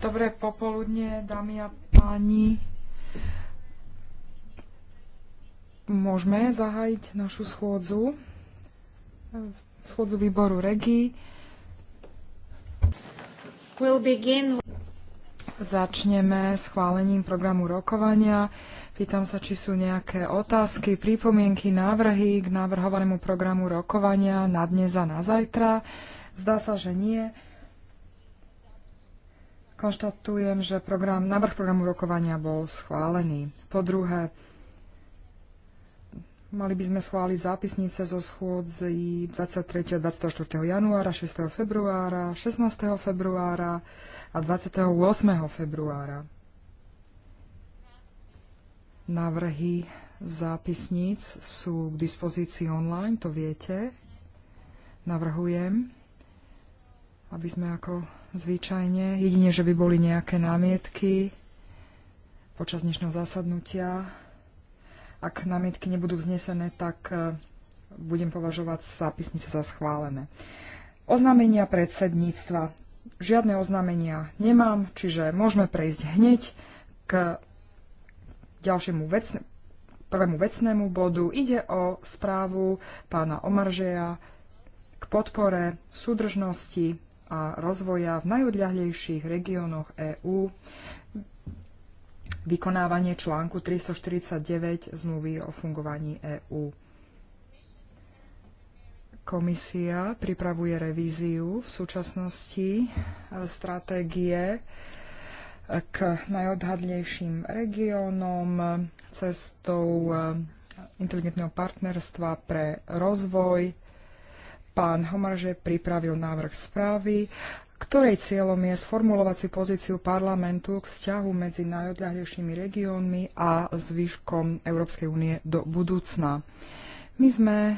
Dobré popoludne, dámy a páni. Môžeme zahájiť našu schôdzu, schôdzu výboru REGI. We'll begin... Začneme schválením programu rokovania. Pýtam sa, či sú nejaké otázky, pripomienky, návrhy k navrhovanému programu rokovania na dnes a na zajtra. Zdá sa, že nie. Konštatujem, že program, návrh programu rokovania bol schválený. Po druhé, mali by sme schváliť zápisnice zo schôdzi 23. a 24. januára, 6. februára, 16. februára a 28. februára. Návrhy zápisníc sú k dispozícii online, to viete. Navrhujem, aby sme ako zvyčajne, jedine, že by boli nejaké námietky počas dnešného zasadnutia. Ak námietky nebudú vznesené, tak e, budem považovať zápisnice za schválené. Oznámenia predsedníctva. Žiadne oznámenia nemám, čiže môžeme prejsť hneď k ďalšiemu vecne, prvému vecnému bodu. Ide o správu pána Omaržeja k podpore súdržnosti a rozvoja v najodľahlejších regiónoch EÚ, vykonávanie článku 349 zmluvy o fungovaní EÚ. Komisia pripravuje revíziu v súčasnosti e, stratégie e, k najodhadnejším regiónom e, cestou inteligentného partnerstva pre rozvoj Pán Homarže pripravil návrh správy, ktorej cieľom je sformulovať si pozíciu parlamentu k vzťahu medzi najodľahlejšími regiónmi a zvyškom Európskej únie do budúcna. My sme e,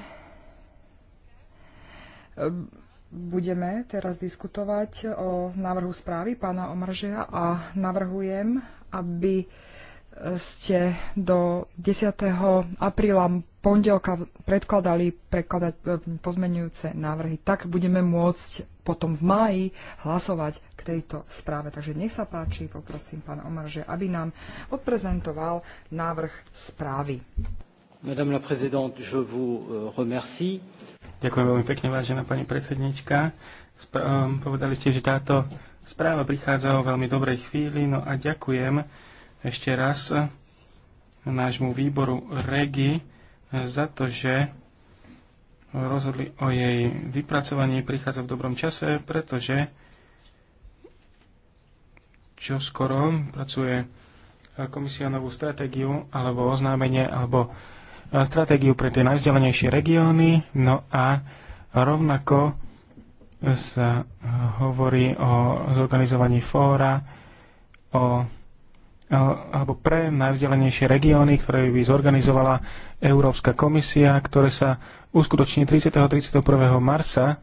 budeme teraz diskutovať o návrhu správy pána Omržia a navrhujem, aby e, ste do 10. apríla pondelka predkladali prekladať e, pozmenujúce návrhy, tak budeme môcť potom v máji hlasovať k tejto správe. Takže nech sa páči, poprosím pána Omarže, aby nám odprezentoval návrh správy. Madame la présidente, je vous e, remercie. Ďakujem veľmi pekne, vážená pani predsednička. um, povedali ste, že táto správa prichádza o veľmi dobrej chvíli, no a ďakujem ešte raz nášmu výboru REGI, za to, že rozhodli o jej vypracovaní, prichádza v dobrom čase, pretože čo skoro pracuje komisia novú stratégiu alebo oznámenie alebo e, stratégiu pre tie najvzdelenejšie regióny. No a rovnako sa hovorí o zorganizovaní fóra, o alebo pre najvzdelenejšie regióny, ktoré by zorganizovala Európska komisia, ktoré sa uskutoční 30. 31. marca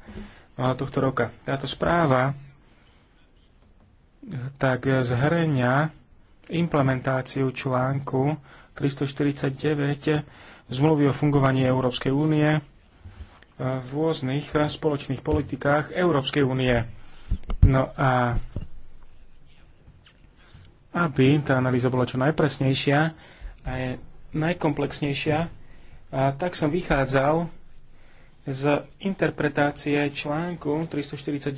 tohto roka. Táto správa tak zhrňa implementáciu článku 349 zmluvy o fungovaní Európskej únie v rôznych spoločných politikách Európskej únie. No a aby tá analýza bola čo najpresnejšia a je najkomplexnejšia, a tak som vychádzal z interpretácie článku 349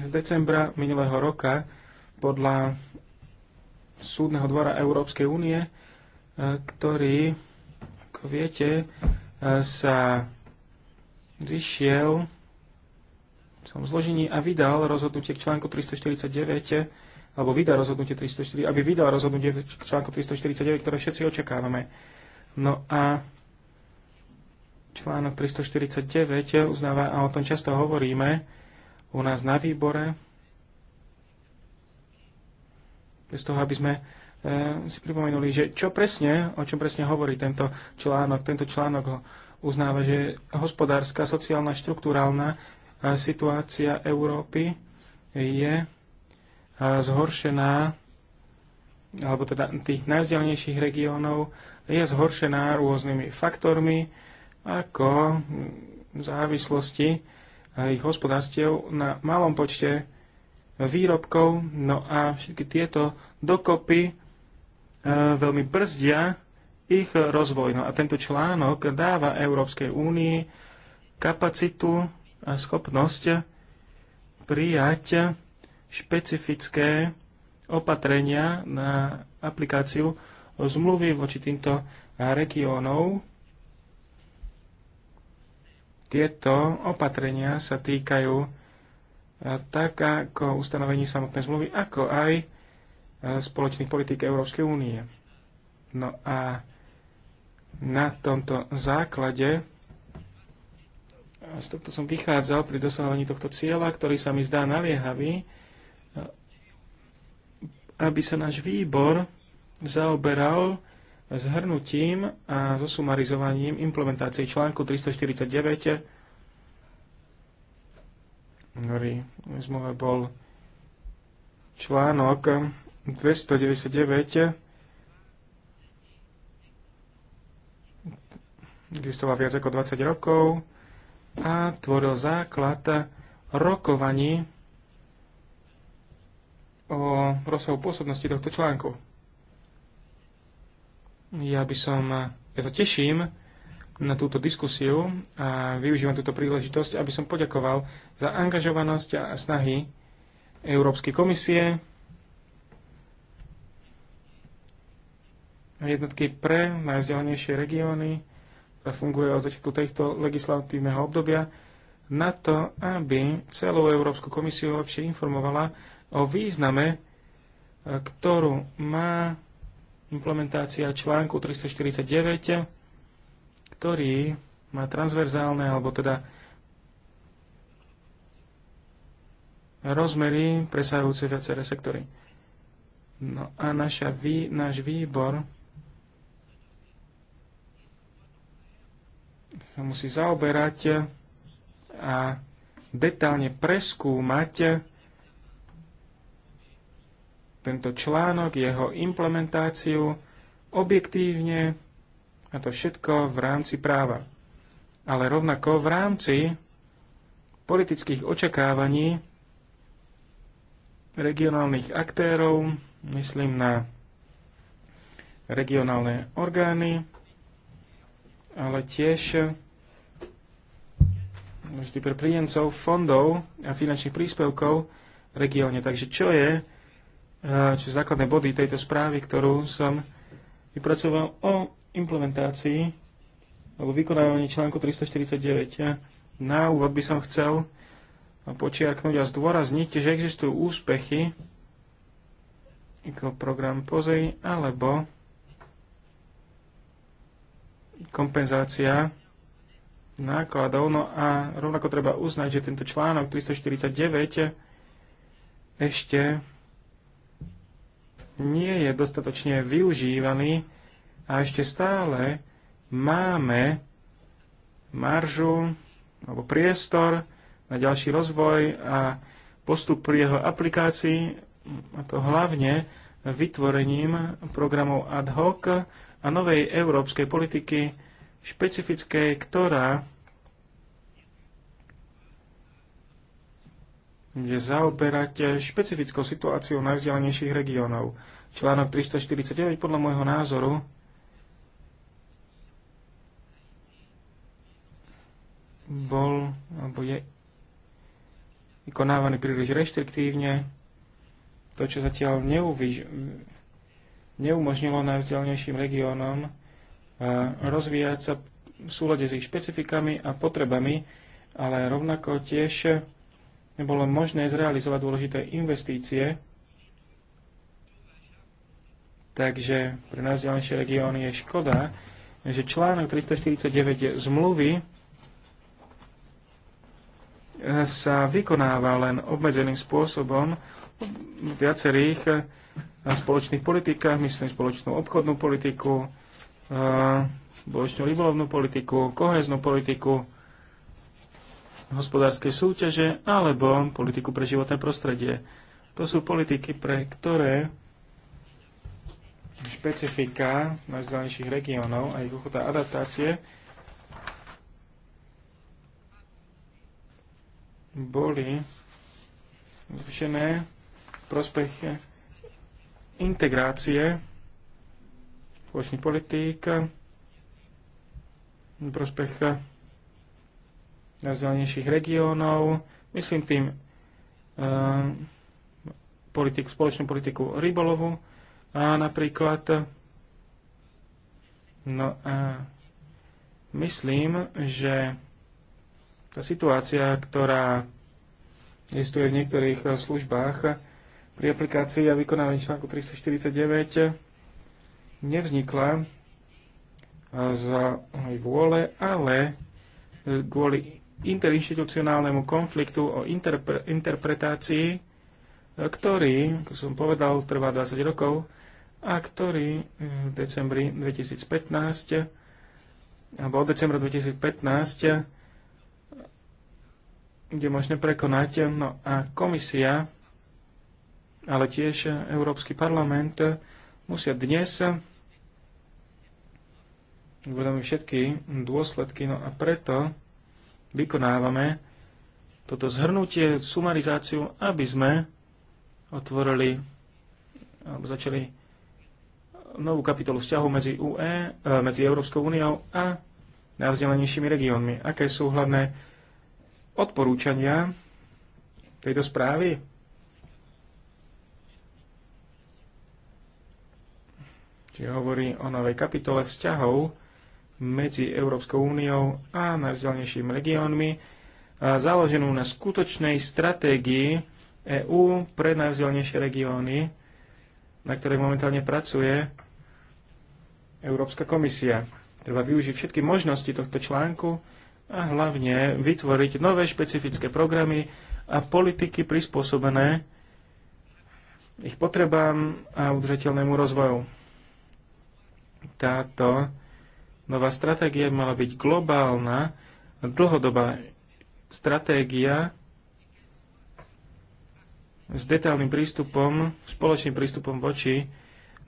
z decembra minulého roka podľa Súdneho dvora Európskej únie, e, ktorý, ako viete, e, sa zišiel svojom zložení a vydal rozhodnutie k článku 349, alebo vydal rozhodnutie 304, aby vydal rozhodnutie k článku 349, ktoré všetci očakávame. No a článok 349 uznáva, a o tom často hovoríme u nás na výbore, bez toho, aby sme e, si pripomenuli, že čo presne, o čom presne hovorí tento článok. Tento článok ho uznáva, že hospodárska, sociálna, štruktúrálna situácia Európy je zhoršená, alebo teda tých najvzdialenejších regiónov je zhoršená rôznymi faktormi, ako závislosti ich hospodárstiev na malom počte výrobkov. No a všetky tieto dokopy veľmi brzdia ich rozvoj. No a tento článok dáva Európskej únii kapacitu schopnosť prijať špecifické opatrenia na aplikáciu zmluvy voči týmto regiónom. Tieto opatrenia sa týkajú tak ako ustanovení samotnej zmluvy, ako aj spoločných politik Európskej únie. No a na tomto základe z tohto som vychádzal pri dosahovaní tohto cieľa, ktorý sa mi zdá naliehavý, aby sa náš výbor zaoberal zhrnutím a zosumarizovaním implementácie článku 349, ktorý v zmluve bol článok 299, existoval viac ako 20 rokov, a tvoril základ rokovaní o rozsahu pôsobnosti tohto článku. Ja by som, ja sa teším na túto diskusiu a využívam túto príležitosť, aby som poďakoval za angažovanosť a snahy Európskej komisie a jednotky pre najvzdelanejšie regióny ktorá funguje od začiatku tejto legislatívneho obdobia, na to, aby celú Európsku komisiu lepšie informovala o význame, e, ktorú má implementácia článku 349, ktorý má transverzálne, alebo teda rozmery presahujúce viaceré sektory. No a naša, vý, náš výbor musí zaoberať a detálne preskúmať tento článok, jeho implementáciu objektívne a to všetko v rámci práva. Ale rovnako v rámci politických očakávaní regionálnych aktérov, myslím na regionálne orgány, ale tiež e, vždy pre príjemcov fondov a finančných príspevkov v regióne. Takže čo je e, čo základné body tejto správy, ktorú som vypracoval o implementácii alebo vykonávaní článku 349. E, na úvod by som chcel počiarknúť a zdôrazniť, že existujú úspechy ako program POZEJ alebo kompenzácia nákladov. No a rovnako treba uznať, že tento článok 349 ešte nie je dostatočne využívaný a ešte stále máme maržu alebo priestor na ďalší rozvoj a postup pri jeho aplikácii, a to hlavne vytvorením programov ad hoc, a novej európskej politiky špecifickej, ktorá bude zaoberať špecifickou situáciou najvzdialenejších regiónov. Článok 349 podľa môjho názoru bol, alebo je vykonávaný príliš reštriktívne. To, čo zatiaľ neuvíž, neumožnilo najvzdelnejším regiónom eh, rozvíjať sa v súlade s ich špecifikami a potrebami, ale rovnako tiež nebolo možné zrealizovať dôležité investície. Takže pre nás ďalšie regióny je škoda, že článok 349 zmluvy eh, sa vykonáva len obmedzeným spôsobom v viacerých na spoločných politikách, myslím spoločnú obchodnú politiku, spoločnú rybolovnú politiku, koheznú politiku, hospodárske súťaže alebo politiku pre životné prostredie. To sú politiky, pre ktoré špecifika najzdanejších regiónov a ich ochota adaptácie boli zvýšené v prospech integrácie spoločných politík v prospech najzdelenejších regiónov, myslím tým ehm, spoločnú politiku rybolovu a napríklad no a myslím, že tá situácia, ktorá existuje v niektorých službách, pri aplikácii a vykonávaní článku 349 nevznikla za aj vôle, ale e, kvôli interinstitucionálnemu konfliktu o interpre, interpretácii, e, ktorý, ako som povedal, trvá 20 rokov a ktorý e, v decembri 2015 alebo od decembra 2015 bude možné prekonať. No a komisia ale tiež Európsky parlament musia dnes uvedomiť všetky dôsledky, no a preto vykonávame toto zhrnutie, sumarizáciu, aby sme otvorili alebo začali novú kapitolu vzťahu medzi, UE, eh, medzi Európskou úniou a najvzdelenejšími regiónmi. Aké sú hlavné odporúčania tejto správy? Čiže hovorí o novej kapitole vzťahov medzi Európskou úniou a najvzdialenejšími regiónmi, založenú na skutočnej stratégii EÚ pre najvzdialenejšie regióny, na ktorej momentálne pracuje Európska komisia. Treba využiť všetky možnosti tohto článku a hlavne vytvoriť nové špecifické programy a politiky prispôsobené ich potrebám a udržateľnému rozvoju táto nová stratégia mala byť globálna, dlhodobá stratégia s detálnym prístupom, spoločným prístupom voči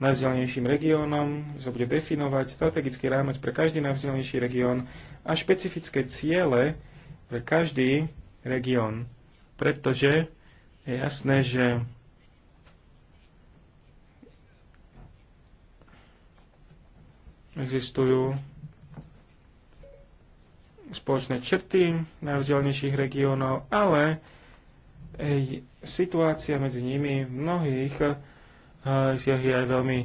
najvzdelenejším regiónom, sa bude definovať strategický rámec pre každý najvzdelenejší región a špecifické ciele pre každý región. Pretože je jasné, že Existujú spoločné črty najvzdialenejších regiónov, ale situácia medzi nimi v mnohých eh, je aj veľmi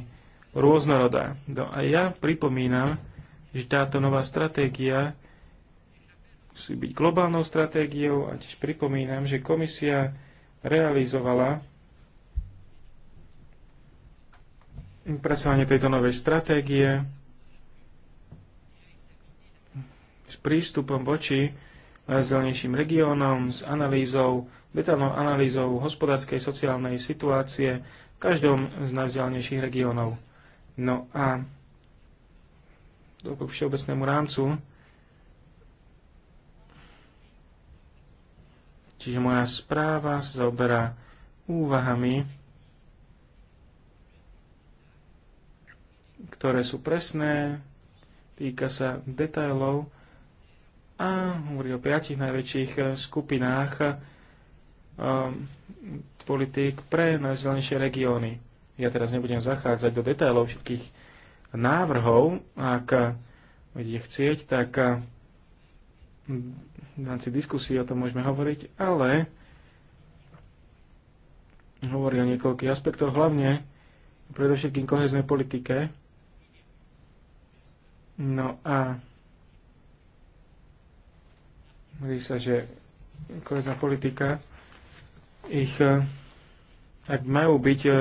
rôznorodá. No a ja pripomínam, že táto nová stratégia musí byť globálnou stratégiou a tiež pripomínam, že komisia realizovala pracovanie tejto novej stratégie s prístupom voči najzdelnejším e, regiónom, s analýzou, detálnou analýzou hospodárskej sociálnej situácie v každom z najzdelnejších regiónov. No a do všeobecnému rámcu. Čiže moja správa sa zaoberá úvahami, ktoré sú presné, týka sa detailov, a hovorí o piatich najväčších eh, skupinách eh, politík pre najzelenejšie regióny. Ja teraz nebudem zachádzať do detailov všetkých návrhov. Ak budete eh, chcieť, tak v rámci diskusie o tom môžeme hovoriť, ale hovorí o niekoľkých aspektoch, hlavne predovšetkým koheznej politike. No a Hovorí sa, že kohezná politika ich, eh, ak majú byť eh,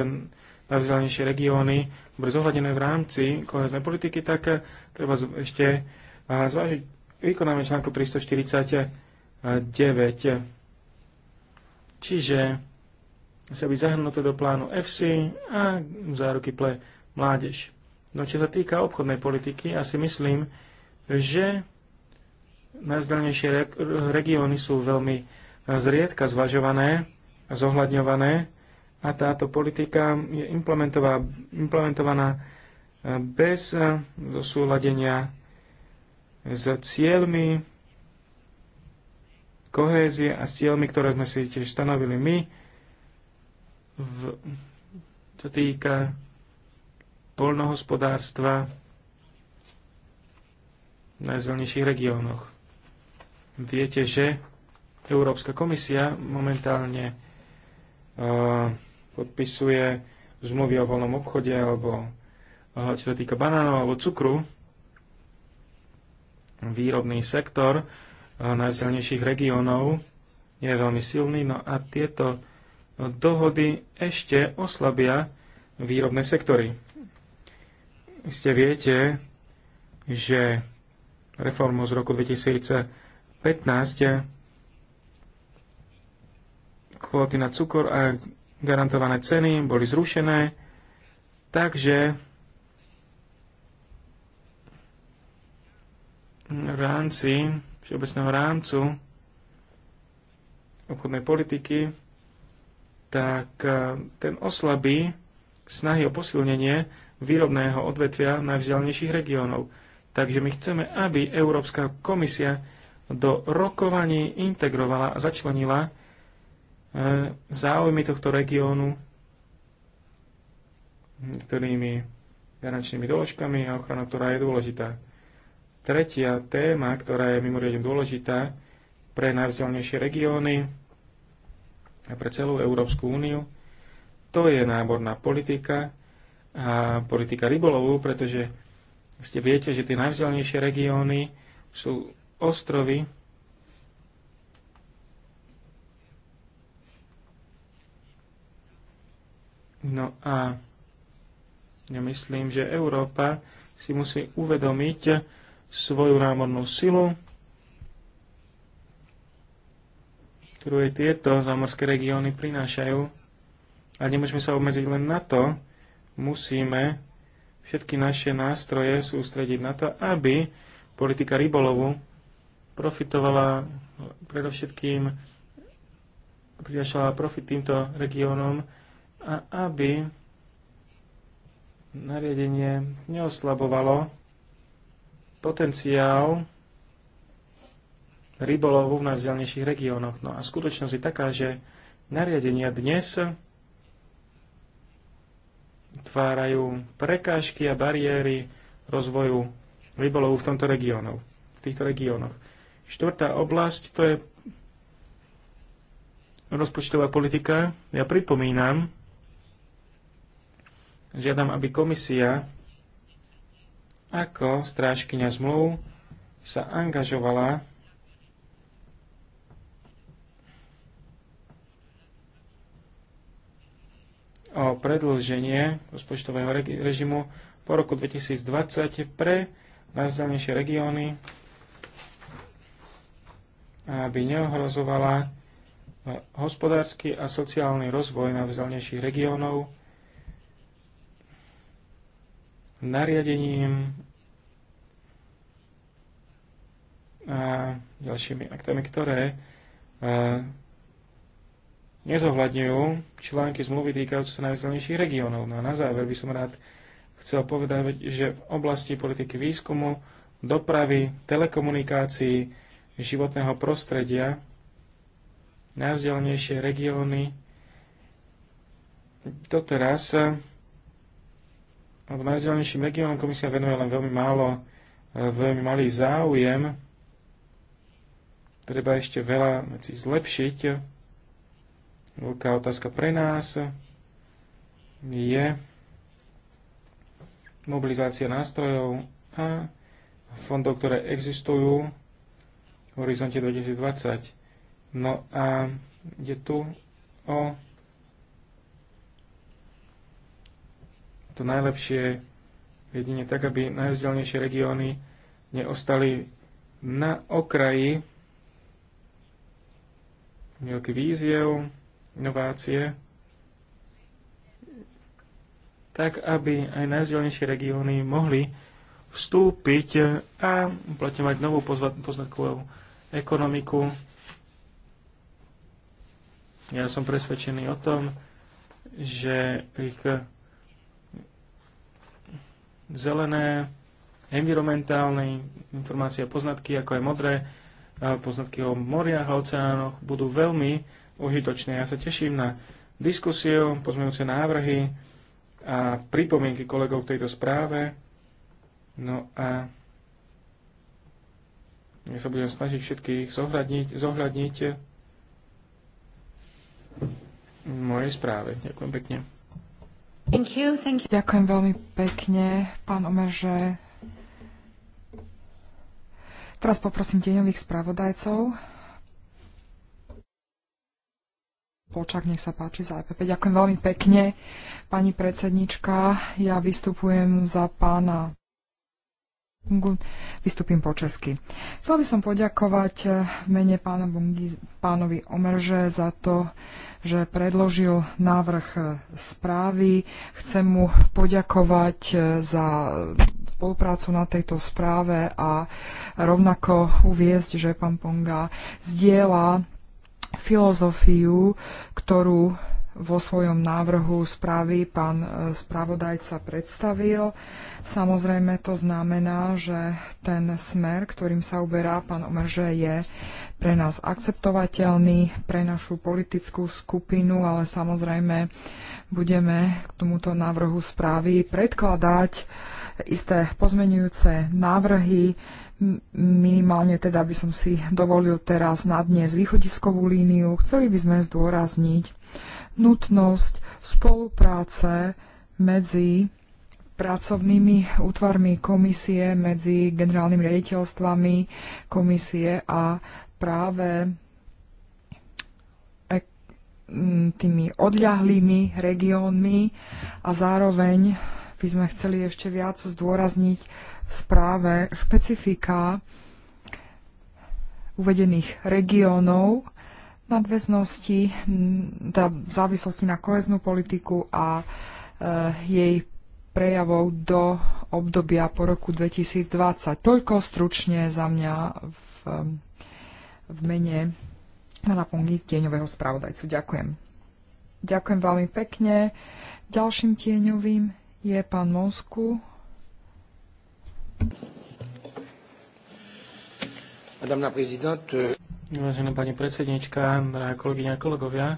najvzdelanejšie regióny, zohľadené v rámci kohezné politiky, tak eh, treba ešte zvážiť vykonáme článku 349. Čiže sa by zahrnuté do plánu FC a záruky pre mládež. No čo sa týka obchodnej politiky, asi myslím, že najzdelnejšie regióny sú veľmi e, zriedka zvažované, zohľadňované a táto politika je implementovaná, e, bez e, zosúladenia s cieľmi kohézie a s cieľmi, ktoré sme si tiež stanovili my, v, čo týka polnohospodárstva v najzelnejších regiónoch. Viete, že Európska komisia momentálne uh, podpisuje zmluvy o voľnom obchode alebo uh, čo sa týka banánov alebo cukru. Výrobný sektor uh, najsilnejších regiónov je veľmi silný, no a tieto dohody ešte oslabia výrobné sektory. Ste viete, že reformu z roku 2007 15 kvóty na cukor a garantované ceny boli zrušené, takže v rámci všeobecného rámcu obchodnej politiky, tak eh, ten oslabí snahy o posilnenie výrobného odvetvia najvzdialenejších regiónov. Takže my chceme, aby Európska komisia do rokovaní integrovala a začlenila e, záujmy tohto regiónu ktorými garančnými doložkami a ochrana, ktorá je dôležitá. Tretia téma, ktorá je mimoriadne dôležitá pre najvzdelnejšie regióny a pre celú Európsku úniu, to je náborná politika a politika rybolovu, pretože ste viete, že tie najvzdelnejšie regióny sú ostrovy No a ja myslím, že Európa si musí uvedomiť svoju námornú silu, ktorú aj tieto zámorské regióny prinášajú. A nemôžeme sa obmedziť len na to, musíme všetky naše nástroje sústrediť na to, aby politika rybolovu profitovala predovšetkým, prinašala profit týmto regiónom a aby nariadenie neoslabovalo potenciál rybolovu v najvzdialnejších regiónoch. No a skutočnosť je taká, že nariadenia dnes tvárajú prekážky a bariéry rozvoju rybolovu v tomto regiónu, v týchto regiónoch. Štvrtá oblasť to je rozpočtová politika. Ja pripomínam, žiadam, aby komisia ako strážkyňa zmluv sa angažovala o predlženie rozpočtového režimu po roku 2020 pre najzdelnejšie regióny aby neohrozovala eh, hospodársky a sociálny rozvoj na vzdialenejších regiónov nariadením a ďalšími aktami, ktoré eh, nezohľadňujú články zmluvy týkajúce sa najvzdialenejších regiónov. No a na záver by som rád chcel povedať, že v oblasti politiky výskumu, dopravy, telekomunikácií, životného prostredia, najvzdialenejšie regióny doteraz v eh, najvzdialenejším regiónom komisia venuje len veľmi málo, eh, veľmi malý záujem. Treba ešte veľa vecí zlepšiť. Veľká otázka pre nás je mobilizácia nástrojov a fondov, ktoré existujú horizonte 2020. No a je tu o to najlepšie jedine tak, aby najvzdelnejšie regióny neostali na okraji nejaký víziev, inovácie, tak aby aj najvzdialenejšie regióny mohli vstúpiť a uplatňovať novú poznatkovú ekonomiku. Ja som presvedčený o tom, že ich zelené, environmentálne informácie a poznatky, ako aj modré poznatky o moriach a oceánoch, budú veľmi užitočné. Ja sa teším na diskusiu, pozmeňujúce návrhy a pripomienky kolegov k tejto správe. No a ja sa budem snažiť všetkých zohľadniť, zohľadniť v mojej správe. Ďakujem pekne. Thank you, thank you. Ďakujem veľmi pekne, pán že... Teraz poprosím tieňových spravodajcov. Polčák, nech sa páči za EPP. Ďakujem veľmi pekne, pani predsednička. Ja vystupujem za pána Vystúpim po česky. Chcel by som poďakovať eh, v mene pána Bungi, pánovi Omerže za to, že predložil návrh eh, správy. Chcem mu poďakovať eh, za spoluprácu na tejto správe a rovnako uviezť, že pán Ponga zdieľa filozofiu, ktorú vo svojom návrhu správy pán e, spravodajca predstavil. Samozrejme to znamená, že ten smer, ktorým sa uberá pán Omerže, je pre nás akceptovateľný, pre našu politickú skupinu, ale samozrejme budeme k tomuto návrhu správy predkladať isté pozmenujúce návrhy. Minimálne teda by som si dovolil teraz na dnes východiskovú líniu. Chceli by sme zdôrazniť, nutnosť spolupráce medzi pracovnými útvarmi komisie, medzi generálnymi riaditeľstvami komisie a práve e, tými odľahlými regiónmi a zároveň by sme chceli ešte viac zdôrazniť v správe špecifika uvedených regiónov nadväznosti, teda v závislosti na koheznú politiku a e, jej prejavov do obdobia po roku 2020. Toľko stručne za mňa v, v mene na Pongy, tieňového spravodajcu. Ďakujem. Ďakujem veľmi pekne. Ďalším tieňovým je pán Monsku. Madame la présidente. Vážená pani predsednička, drahá kolegyňa a kolegovia,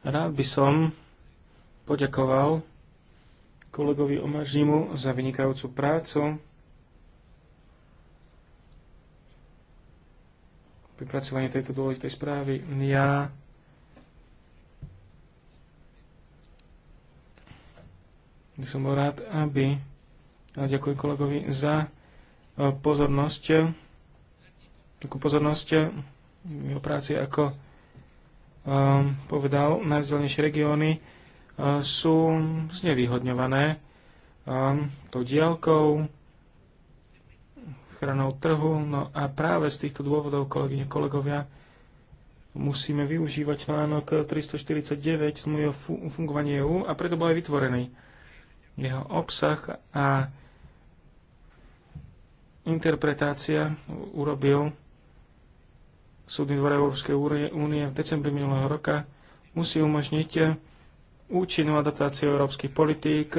rád by som poďakoval kolegovi Omažnímu za vynikajúcu prácu, vypracovanie tejto dôležitej správy. Ja som bol rád, aby a ďakujem kolegovi za e, pozornosť, takú pozornosť jeho práci, ako um, povedal, najvzdelenejšie regióny uh, sú znevýhodňované um, tou diálkou, chranou trhu. No a práve z týchto dôvodov, kolegyne, kolegovia, musíme využívať článok 349 zmluvy o fungovaní EÚ a preto bol aj vytvorený. Jeho obsah a interpretácia urobil Súdny dvor Európskej únie v decembri minulého roka musí umožniť účinnú adaptáciu európskych politík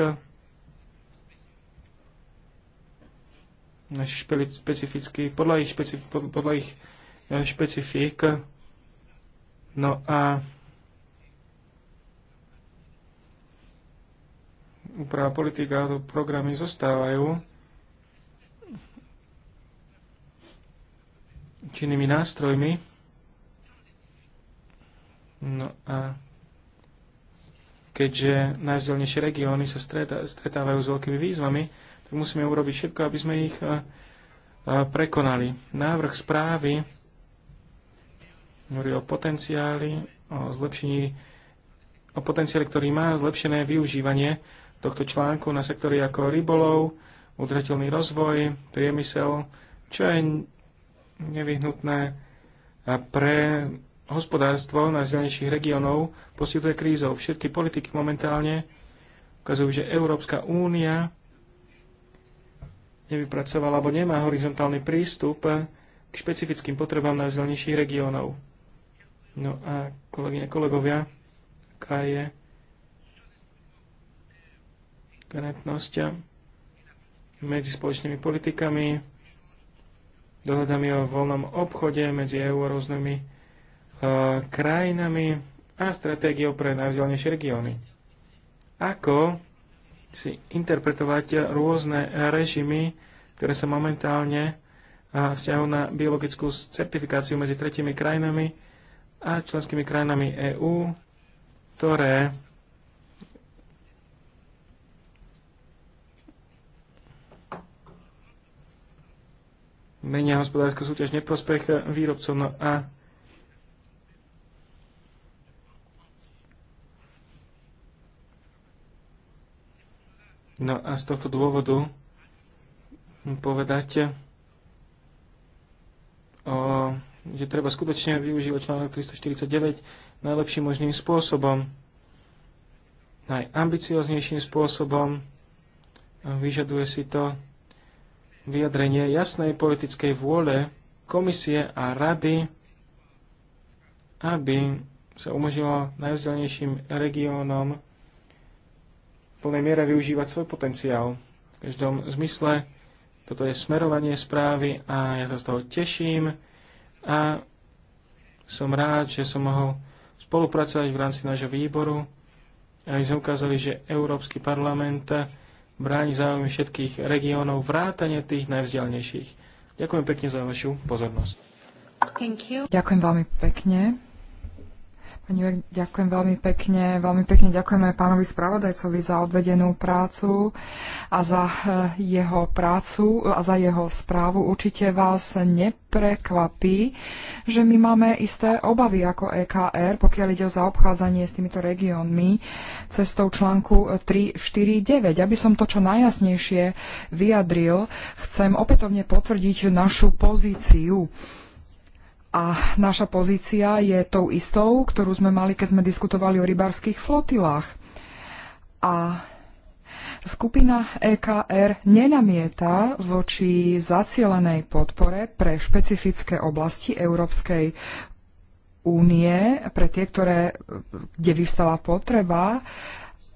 naši špecifický, podľa ich, špecif, podľa ich e, špecifík. No a úprava politika a programy zostávajú činnými nástrojmi. No a keďže najvzdelnejšie regióny sa stretávajú s veľkými výzvami, tak musíme urobiť všetko, aby sme ich eh, eh, prekonali. Návrh správy hovorí o potenciáli, o zlepšení, o potenciáli, ktorý má zlepšené využívanie tohto článku na sektory ako rybolov, udržateľný rozvoj, priemysel, čo je nevyhnutné pre hospodárstvo najzdelenejších regiónov postihnuté krízou. Všetky politiky momentálne ukazujú, že Európska únia nevypracovala alebo nemá horizontálny prístup k špecifickým potrebám najzdelenejších regiónov. No a kolegyne, kolegovia, aká je konetnosť medzi spoločnými politikami, dohodami o voľnom obchode medzi EU a rôznymi uh, krajinami a stratégiou pre najvzdialenejšie regióny. Ako si interpretovať rôzne režimy, ktoré sa momentálne e, vzťahujú na biologickú certifikáciu medzi tretimi krajinami a členskými krajinami EÚ, ktoré menia hospodárska súťaž neprospech výrobcom, No a No a z tohto dôvodu povedať, o, že treba skutočne využívať článok 349 najlepším možným spôsobom, najambicioznejším spôsobom. Vyžaduje si to vyjadrenie jasnej politickej vôle komisie a rady, aby sa umožnilo najvzdelnejším regiónom v plnej miere využívať svoj potenciál. V každom zmysle toto je smerovanie správy a ja sa z toho teším a som rád, že som mohol spolupracovať v rámci nášho výboru, aby sme ukázali, že Európsky parlament bráni záujmy všetkých regiónov, vrátane tých najvzdialnejších. Ďakujem pekne za vašu pozornosť. Ďakujem veľmi pekne. Pani, ďakujem veľmi pekne. Veľmi pekne ďakujem aj pánovi spravodajcovi za odvedenú prácu a za eh, jeho prácu a za jeho správu. Určite vás neprekvapí, že my máme isté obavy ako EKR, pokiaľ ide o zaobchádzanie s týmito regiónmi cestou článku 349. Aby som to čo najjasnejšie vyjadril, chcem opätovne potvrdiť našu pozíciu a naša pozícia je tou istou, ktorú sme mali, keď sme diskutovali o rybárskych flotilách. A Skupina EKR nenamieta voči zacielenej podpore pre špecifické oblasti Európskej únie, pre tie, ktoré, kde vystala potreba,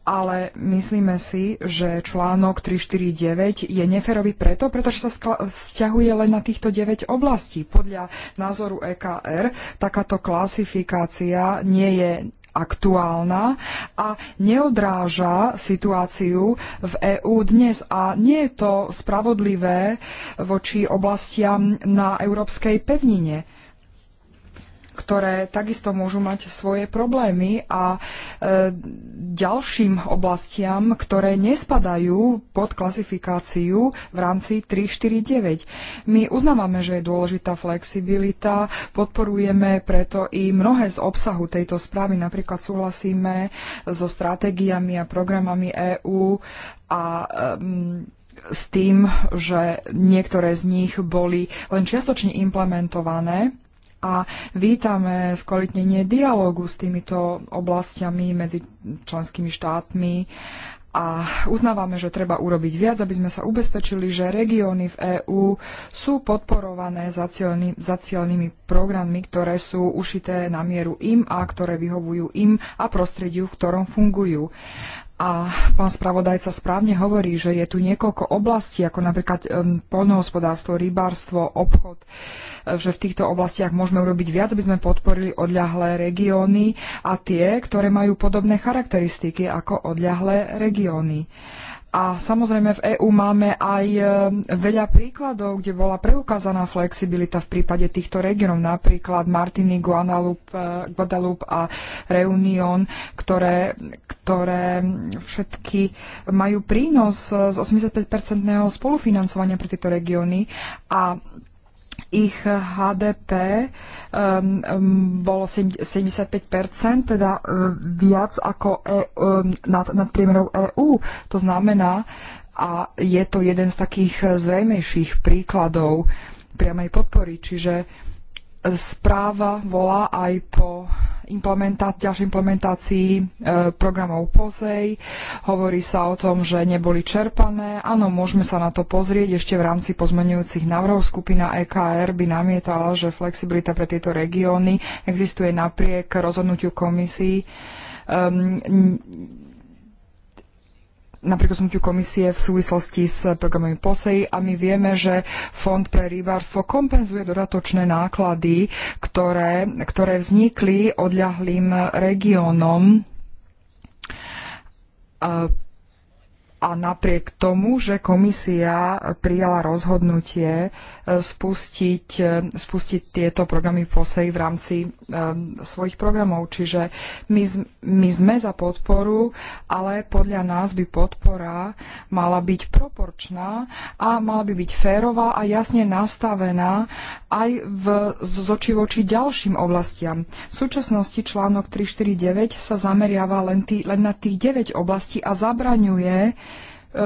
ale myslíme si, že článok 349 je neferový preto, pretože sa vzťahuje len na týchto 9 oblastí. Podľa názoru EKR takáto klasifikácia nie je aktuálna a neodráža situáciu v EÚ dnes a nie je to spravodlivé voči oblastiam na európskej pevnine ktoré takisto môžu mať svoje problémy a e, ďalším oblastiam, ktoré nespadajú pod klasifikáciu v rámci 349. My uznávame, že je dôležitá flexibilita, podporujeme preto i mnohé z obsahu tejto správy, napríklad súhlasíme so stratégiami a programami EÚ a um, s tým, že niektoré z nich boli len čiastočne implementované a vítame skvalitnenie dialógu s týmito oblastiami medzi členskými štátmi a uznávame, že treba urobiť viac, aby sme sa ubezpečili, že regióny v EÚ sú podporované zacielný, zacielnými programmi, ktoré sú ušité na mieru im a ktoré vyhovujú im a prostrediu, v ktorom fungujú. A pán spravodajca správne hovorí, že je tu niekoľko oblastí, ako napríklad um, poľnohospodárstvo, rybárstvo, obchod, že v týchto oblastiach môžeme urobiť viac, aby sme podporili odľahlé regióny a tie, ktoré majú podobné charakteristiky ako odľahlé regióny. A samozrejme v EÚ máme aj e, veľa príkladov, kde bola preukázaná flexibilita v prípade týchto regiónov, napríklad Martiny, Guadalupe a Reunion, ktoré, ktoré všetky majú prínos z 85-percentného spolufinancovania pre tieto regióny a ich HDP um, um, bolo 75%, teda uh, viac ako e, um, nad, nad priemerou e EÚ. To znamená, a je to jeden z takých uh, zrejmejších príkladov priamej podpory, čiže uh, správa volá aj po implementá- ďalšej implementácii e, programov POSEJ. Hovorí sa o tom, že neboli čerpané. Áno, môžeme sa na to pozrieť ešte v rámci pozmenujúcich návrhov. Skupina EKR by namietala, že flexibilita pre tieto regióny existuje napriek rozhodnutiu Komisí. Ehm, napríklad znutiu komisie v súvislosti s programami POSEI a my vieme, že Fond pre rybárstvo kompenzuje dodatočné náklady, ktoré, ktoré vznikli odľahlým regiónom a napriek tomu, že komisia prijala rozhodnutie e, spustiť, e, spustiť tieto programy POSEJ v rámci um, svojich programov. Čiže my, my sme za podporu, ale podľa nás by podpora mala byť proporčná a mala by byť férová a jasne nastavená aj v, z očí voči ďalším oblastiam. V súčasnosti článok 349 sa zameriava len, tý, len na tých 9 oblastí a zabraňuje E,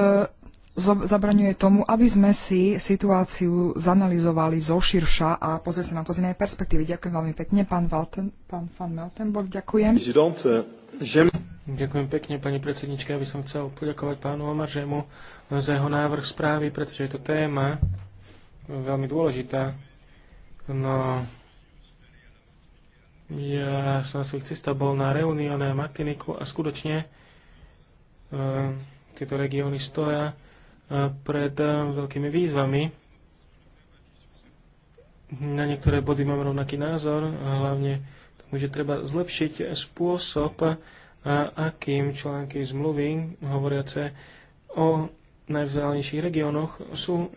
zabraňuje tomu, aby sme si situáciu zanalizovali zo širša a pozrieť sa na to z inej perspektívy. Ďakujem veľmi pekne, pán, Valten, pán van Meltenburg, ďakujem. Ďakujem pekne, pani predsednička. Ja by som chcel poďakovať pánu Omaržemu za jeho návrh správy, pretože je to téma veľmi dôležitá. No, ja som na svojich cestách bol na Reunione a Martiniku a skutočne um, tieto regióny stoja e, pred e, veľkými výzvami. Na niektoré body mám rovnaký názor, hlavne tomu, že treba zlepšiť spôsob, e, akým články zmluvy hovoriace o najvzdialenejších regiónoch sú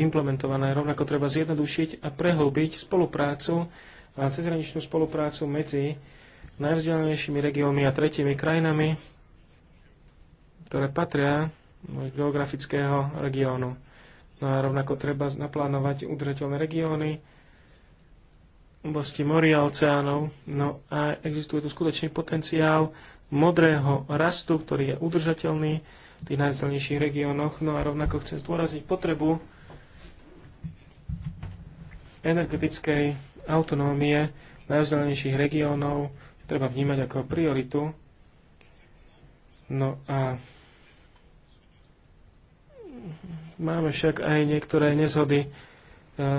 implementované. Rovnako treba zjednodušiť a prehlbiť spoluprácu a cezhraničnú spoluprácu medzi najvzdialenejšími regiónmi a tretími krajinami ktoré patria do geografického regiónu. No a rovnako treba naplánovať udržateľné regióny, oblasti moria, oceánov. No a existuje tu skutočný potenciál modrého rastu, ktorý je udržateľný v tých najzdelnejších regiónoch. No a rovnako chcem zdôrazniť potrebu energetickej autonómie najvzdelenejších regiónov. Treba vnímať ako prioritu. No a Máme však aj niektoré nezhody. E,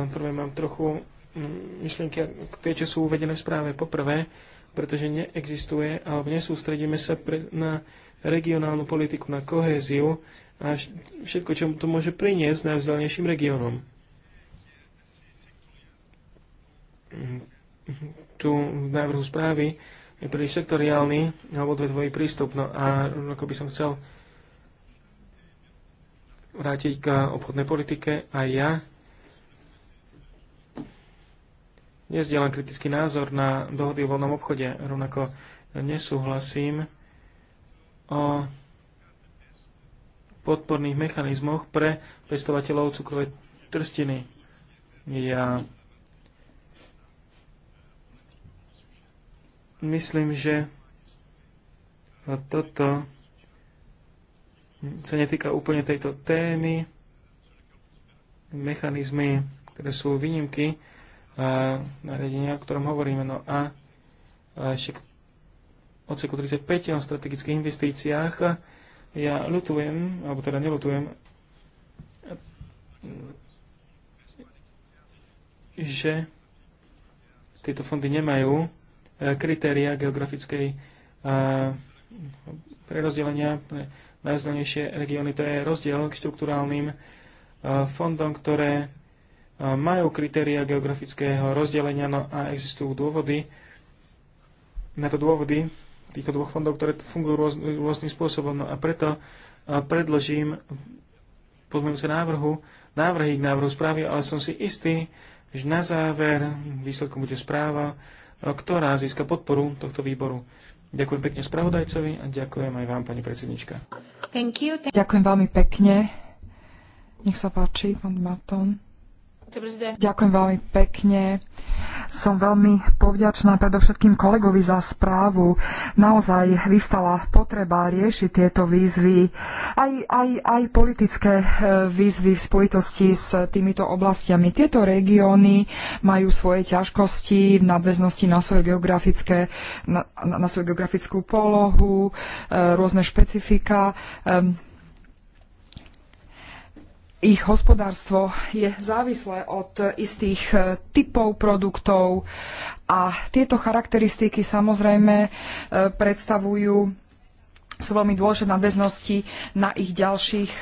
prvé mám trochu mm, myšlienky, tie, čo sú uvedené v správe. Poprvé, pretože neexistuje, alebo nesústredíme sa pre, na regionálnu politiku, na kohéziu a všetko, čo to môže priniesť najvzdialenejším regiónom. Tu v návrhu správy je príliš sektoriálny alebo dvedvojý prístup. No a ako by som chcel vrátiť k obchodnej politike a ja nezdielam kritický názor na dohody o voľnom obchode. Rovnako nesúhlasím o podporných mechanizmoch pre pestovateľov cukrovej trstiny. Ja myslím, že toto sa netýka úplne tejto témy, mechanizmy, ktoré sú výnimky a nariadenia, o ktorom hovoríme. No a, a ešte k odseku 35 o strategických investíciách. Ja ľutujem, alebo teda nelutujem, že tieto fondy nemajú e, kritéria geografickej prerozdelenia pre najzdanejšie regióny. To je rozdiel k štruktúrálnym e, fondom, ktoré e, majú kritéria geografického rozdelenia no a existujú dôvody na to dôvody týchto dvoch fondov, ktoré fungujú rôznym spôsobom. No a preto e, predložím pozmeňujúce návrhu, návrhy k návrhu správy, ale som si istý, že na záver výsledkom bude správa, ktorá získa podporu tohto výboru. Ďakujem pekne spravodajcovi a ďakujem aj vám, pani predsednička. Thank you. Thank ďakujem veľmi pekne. Nech sa páči, pán Maton. Ďakujem veľmi pekne. Som veľmi povďačná predovšetkým kolegovi za správu. Naozaj vystala potreba riešiť tieto výzvy, aj, aj, aj politické e, výzvy v spojitosti s týmito oblastiami. Tieto regióny majú svoje ťažkosti v nadväznosti na, svoje geografické, na, na svoju geografickú polohu, e, rôzne špecifika ich hospodárstvo je závislé od istých e, typov produktov a tieto charakteristiky samozrejme e, predstavujú sú veľmi dôležité nadväznosti na ich ďalších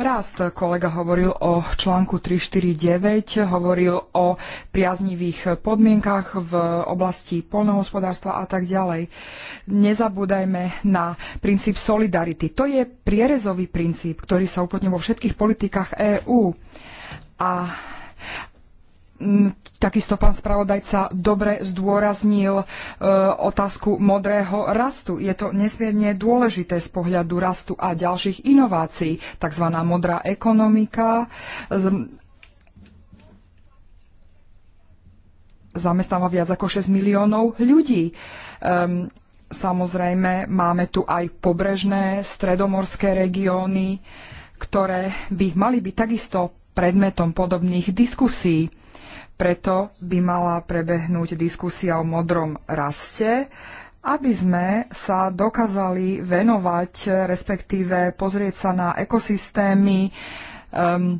rast. Kolega hovoril o článku 349, hovoril o priaznivých podmienkach v oblasti polnohospodárstva a tak ďalej. Nezabúdajme na princíp solidarity. To je prierezový princíp, ktorý sa uplatňuje vo všetkých politikách EÚ. A Mm, takisto pán spravodajca dobre zdôraznil e, otázku modrého rastu. Je to nesmierne dôležité z pohľadu rastu a ďalších inovácií, tzv. modrá ekonomika. Z, zamestnáva viac ako 6 miliónov ľudí. Um, samozrejme, máme tu aj pobrežné, stredomorské regióny, ktoré by mali byť takisto predmetom podobných diskusí. Uh, preto by mala prebehnúť diskusia o modrom raste, aby sme sa dokázali venovať, respektíve pozrieť sa na ekosystémy, um,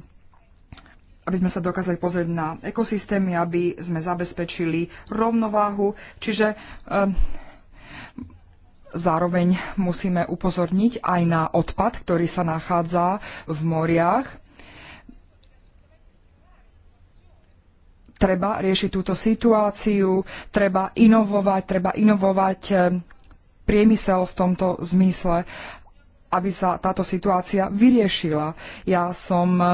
aby sme sa dokázali pozrieť na ekosystémy, aby sme zabezpečili rovnováhu. Čiže um, Zároveň musíme upozorniť aj na odpad, ktorý sa nachádza v moriach. treba riešiť túto situáciu, treba inovovať, treba inovovať eh, priemysel v tomto zmysle, aby sa táto situácia vyriešila. Ja som eh,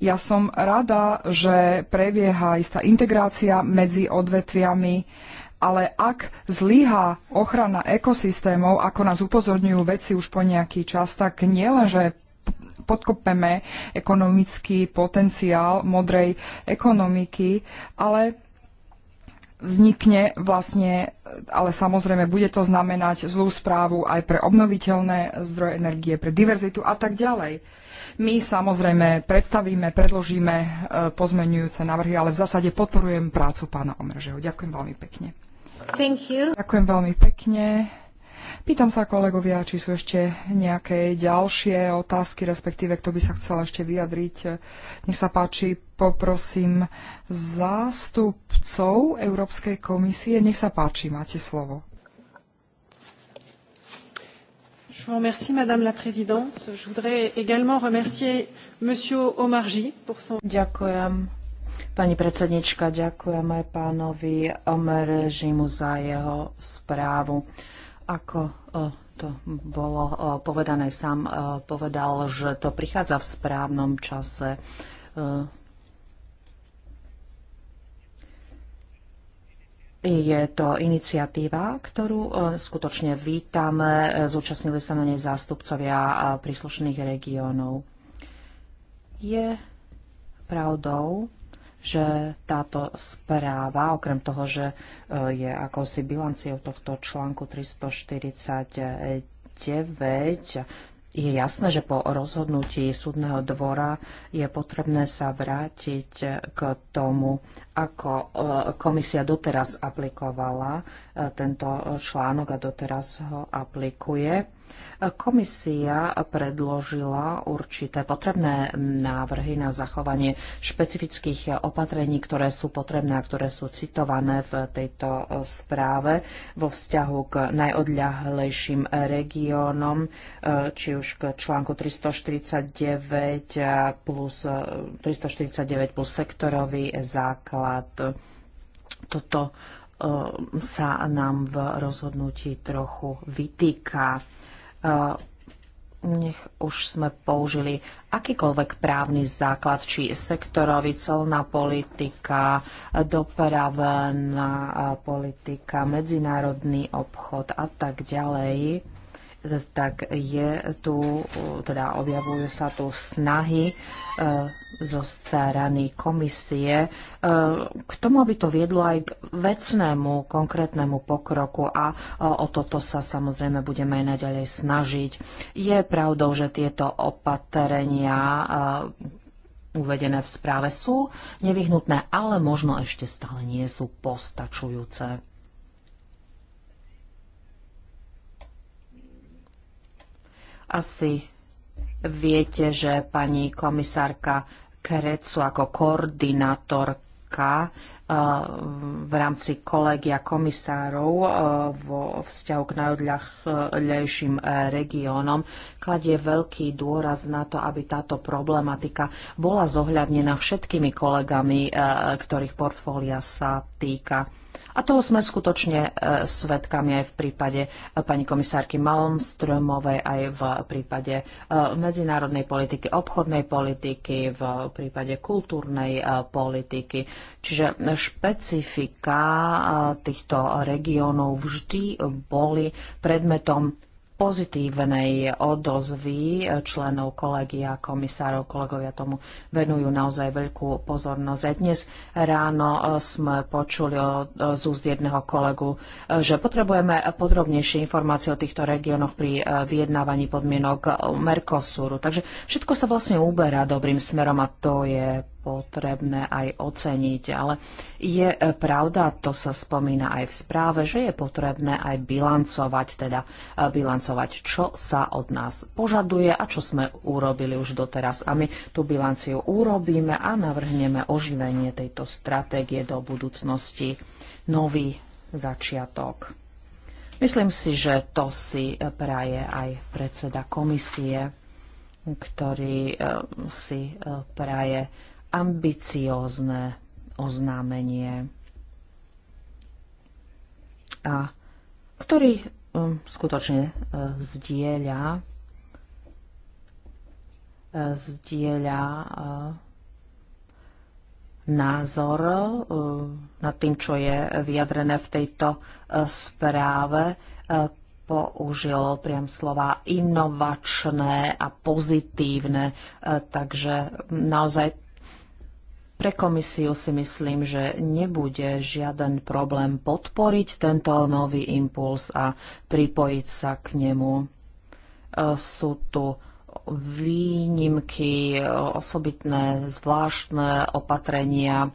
ja som rada, že prebieha istá integrácia medzi odvetviami, ale ak zlyhá ochrana ekosystémov, ako nás upozorňujú veci už po nejaký čas, tak nielenže podkopeme ekonomický potenciál modrej ekonomiky, ale vznikne vlastne, ale samozrejme bude to znamenať zlú správu aj pre obnoviteľné zdroje energie, pre diverzitu a tak ďalej. My samozrejme predstavíme, predložíme e, pozmenujúce návrhy, ale v zásade podporujem prácu pána Omržeho. Ďakujem veľmi pekne. Ďakujem veľmi pekne. Pýtam sa kolegovia, či sú ešte nejaké ďalšie otázky, respektíve kto by sa chcel ešte vyjadriť. Nech sa páči, poprosím zástupcov Európskej komisie. Nech sa páči, máte slovo. Je vous remercie, Madame la Présidente. Je voudrais également remercier Monsieur Omarji pour son... Ďakujem, Pani predsednička, ďakujem aj pánovi Omeržimu za jeho správu. Ako e, to bolo e, povedané, sám e, povedal, že to prichádza v správnom čase. Je to iniciatíva, ktorú skutočne vítame. Zúčastnili sa na nej zástupcovia príslušných regiónov. Je pravdou, že táto správa, okrem toho, že e, je akousi bilanciou tohto článku 349, je jasné, že po rozhodnutí súdneho dvora je potrebné sa vrátiť k tomu ako e, komisia doteraz aplikovala e, tento článok a doteraz ho aplikuje. Komisia predložila určité potrebné návrhy na zachovanie špecifických opatrení, ktoré sú potrebné a ktoré sú citované v tejto e, správe vo vzťahu k najodľahlejším regiónom, či už k článku 349 plus, 349 plus sektorový základ napríklad Toto e, sa nám v rozhodnutí trochu vytýka. E, nech už sme použili akýkoľvek právny základ, či sektorový, colná politika, dopravná e, politika, medzinárodný obchod a tak ďalej tak je tu, teda objavujú sa tu snahy e, zo strany komisie e, k tomu, aby to viedlo aj k vecnému, konkrétnemu pokroku a e, o toto sa samozrejme budeme aj naďalej snažiť. Je pravdou, že tieto opatrenia uvedené v správe sú nevyhnutné, ale možno ešte stále nie sú postačujúce. Asi viete, že pani komisárka Krecu ako koordinátorka v rámci kolegia komisárov vo vzťahu k najodľahlejším e, regiónom kladie veľký dôraz na to, aby táto problematika bola zohľadnená všetkými kolegami, e, ktorých portfólia sa týka. A toho sme skutočne e, svedkami aj v prípade pani komisárky Malmströmovej, aj v prípade medzinárodnej politiky, obchodnej politiky, v prípade kultúrnej politiky. Čiže špecifika týchto regiónov vždy boli predmetom pozitívnej odozvy členov kolegia, komisárov, kolegovia tomu venujú naozaj veľkú pozornosť. A dnes ráno e, sme počuli od, e, z úst jedného kolegu, e, že potrebujeme podrobnejšie informácie o týchto regiónoch pri vyjednávaní podmienok Mercosuru. Takže všetko sa vlastne uberá dobrým smerom a to je potrebné aj oceniť. Ale je e, pravda, to sa spomína aj v správe, že je potrebné aj bilancovať, teda e, bilancovať, čo sa od nás požaduje a čo sme urobili už doteraz. A my tú bilanciu urobíme a navrhneme oživenie tejto stratégie do budúcnosti. Nový začiatok. Myslím si, že to si e, praje aj predseda komisie, ktorý si praje ambiciózne oznámenie, a ktorý um, skutočne e, zdieľa e, zdieľa e, názor nad tým, čo je vyjadrené v tejto správe. Použil priam slova inovačné a pozitívne, takže naozaj pre komisiu si myslím, že nebude žiaden problém podporiť tento nový impuls a pripojiť sa k nemu. E, sú tu výnimky, e, osobitné, zvláštne opatrenia,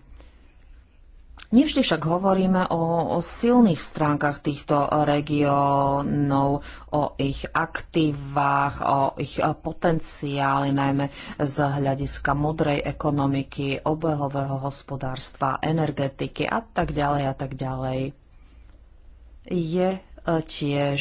Nevždy však hovoríme o, o silných stránkach týchto regiónov, o ich aktívach, o ich potenciáli, najmä z hľadiska modrej ekonomiky, obehového hospodárstva, energetiky a tak ďalej a tak ďalej. Je e, tiež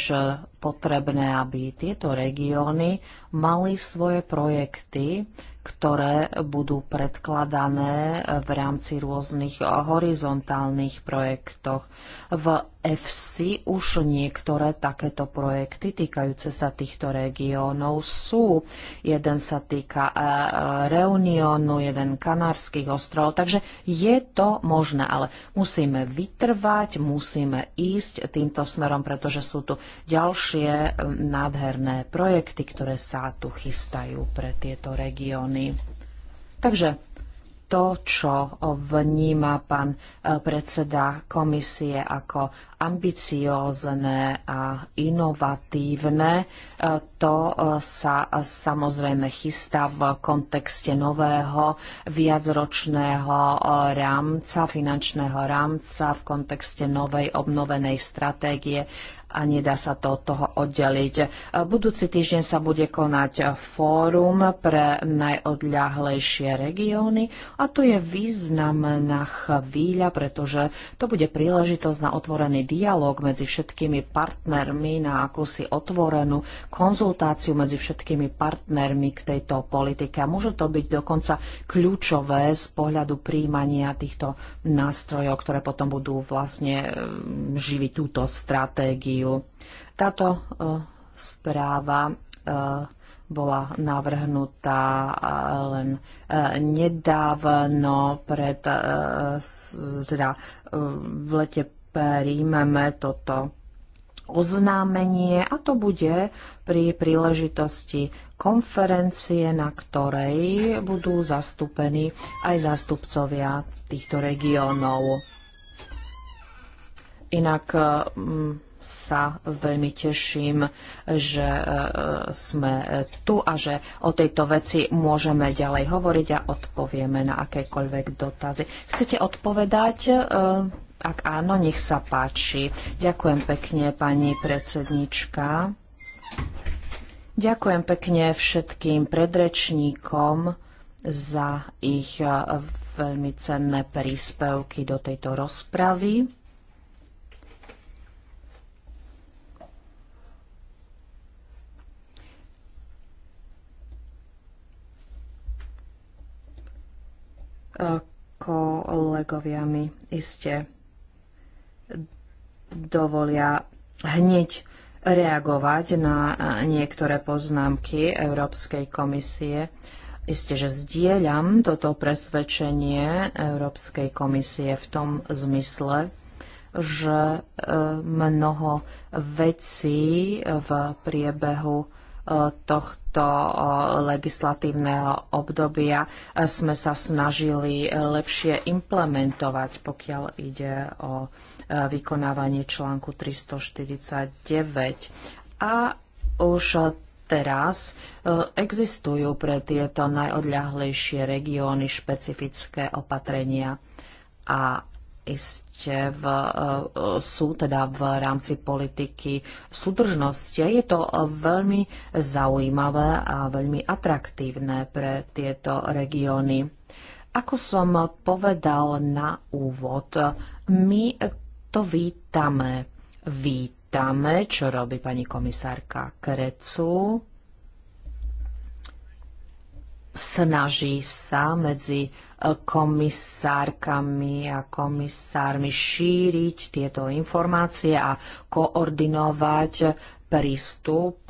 potrebné, aby tieto regióny mali svoje projekty, ktoré budú predkladané v rámci rôznych horizontálnych projektoch. V FC už niektoré takéto projekty týkajúce sa týchto regiónov sú. Jeden sa týka e, Reuniónu, jeden Kanárskych ostrov, takže je to možné, ale musíme vytrvať, musíme ísť týmto smerom, pretože sú tu ďalšie ďalšie eh, nádherné projekty, ktoré sa tu chystajú pre tieto regióny. Takže to, čo vníma pán eh, predseda komisie ako ambiciózne a inovatívne, eh, to sa samozrejme chystá v kontexte nového viacročného rámca, finančného rámca, v kontexte novej obnovenej stratégie a nedá sa to od toho oddeliť. Budúci týždeň sa bude konať fórum pre najodľahlejšie regióny a to je významná chvíľa, pretože to bude príležitosť na otvorený dialog medzi všetkými partnermi, na akúsi otvorenú konzultáciu medzi všetkými partnermi k tejto politike. A môže to byť dokonca kľúčové z pohľadu príjmania týchto nástrojov, ktoré potom budú vlastne e, živiť túto stratégiu Bibliu. Táto e, správa e, bola navrhnutá e, len nedávno pred teda v lete príjmeme toto oznámenie a to bude pri príležitosti konferencie, na ktorej budú zastúpení aj zástupcovia týchto regiónov. Inak sa veľmi teším, že e, sme tu a že o tejto veci môžeme ďalej hovoriť a odpovieme na akékoľvek dotazy. Chcete odpovedať? E, ak áno, nech sa páči. Ďakujem pekne, pani predsednička. Ďakujem pekne všetkým predrečníkom za ich e, veľmi cenné príspevky do tejto rozpravy. kolegovia mi iste dovolia hneď reagovať na niektoré poznámky Európskej komisie. Isté, že zdieľam toto presvedčenie Európskej komisie v tom zmysle, že e, mnoho vecí v priebehu tohto legislatívneho obdobia sme sa snažili lepšie implementovať, pokiaľ ide o e, vykonávanie článku 349. A už teraz e, existujú pre tieto najodľahlejšie regióny špecifické opatrenia a iste v, eh, sú teda v rámci politiky súdržnosti. Je to veľmi zaujímavé a veľmi atraktívne pre tieto regióny. Ako som povedal na úvod, my to vítame. Vítame, čo robí pani komisárka Krecu. Snaží sa medzi komisárkami a komisármi šíriť tieto informácie a koordinovať prístup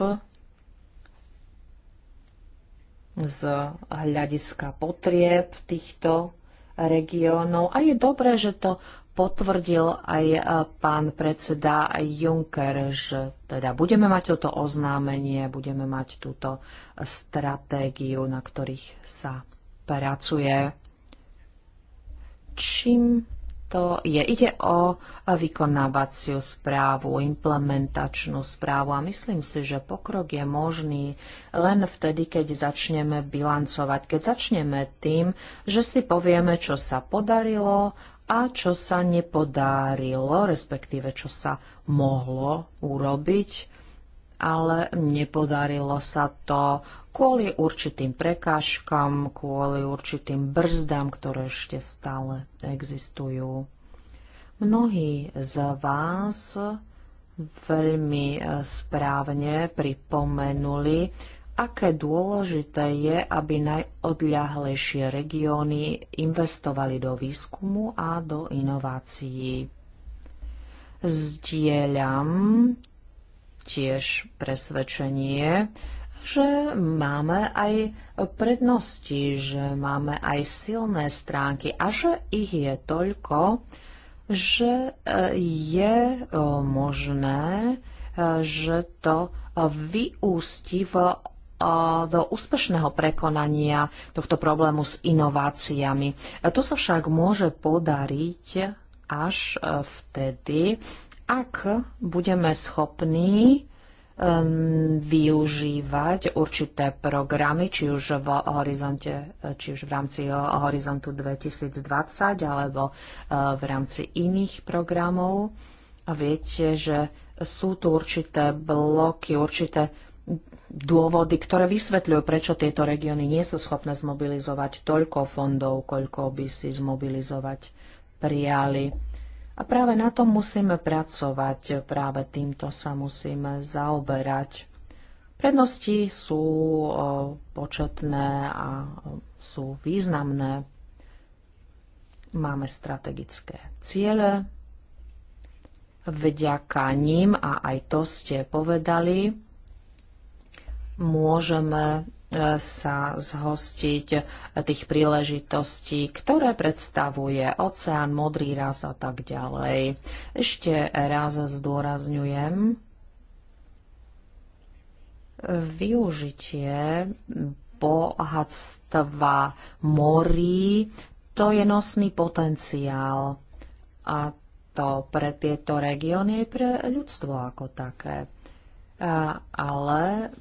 z hľadiska potrieb týchto regiónov. A je dobré, že to potvrdil aj e, pán predseda Juncker, že teda budeme mať toto oznámenie, budeme mať túto stratégiu, na ktorých sa pracuje čím to je. Ide o vykonávaciu správu, implementačnú správu a myslím si, že pokrok je možný len vtedy, keď začneme bilancovať, keď začneme tým, že si povieme, čo sa podarilo a čo sa nepodarilo, respektíve čo sa mohlo urobiť ale nepodarilo sa to kvôli určitým prekážkam, kvôli určitým brzdám, ktoré ešte stále existujú. Mnohí z vás veľmi e, správne pripomenuli, aké dôležité je, aby najodľahlejšie regióny investovali do výskumu a do inovácií. Zdieľam tiež presvedčenie, že máme aj prednosti, že máme aj silné stránky a že ich je toľko, že e, je e, možné, e, že to vyústi v do úspešného prekonania tohto problému s inováciami. To sa však môže podariť až vtedy, ak budeme schopní um, využívať určité programy, či už v horizonte, či už v rámci uh, horizontu 2020 alebo uh, v rámci iných programov. A viete, že sú tu určité bloky, určité dôvody, ktoré vysvetľujú, prečo tieto regióny nie sú schopné zmobilizovať toľko fondov, koľko by si zmobilizovať prijali a práve na tom musíme pracovať, práve týmto sa musíme zaoberať. Prednosti sú početné a sú významné. Máme strategické ciele, vďaka ním, a aj to ste povedali, môžeme sa zhostiť tých príležitostí, ktoré predstavuje oceán, modrý raz a tak ďalej. Ešte raz zdôrazňujem, využitie bohatstva morí, to je nosný potenciál. A to pre tieto regióny aj pre ľudstvo ako také. A, ale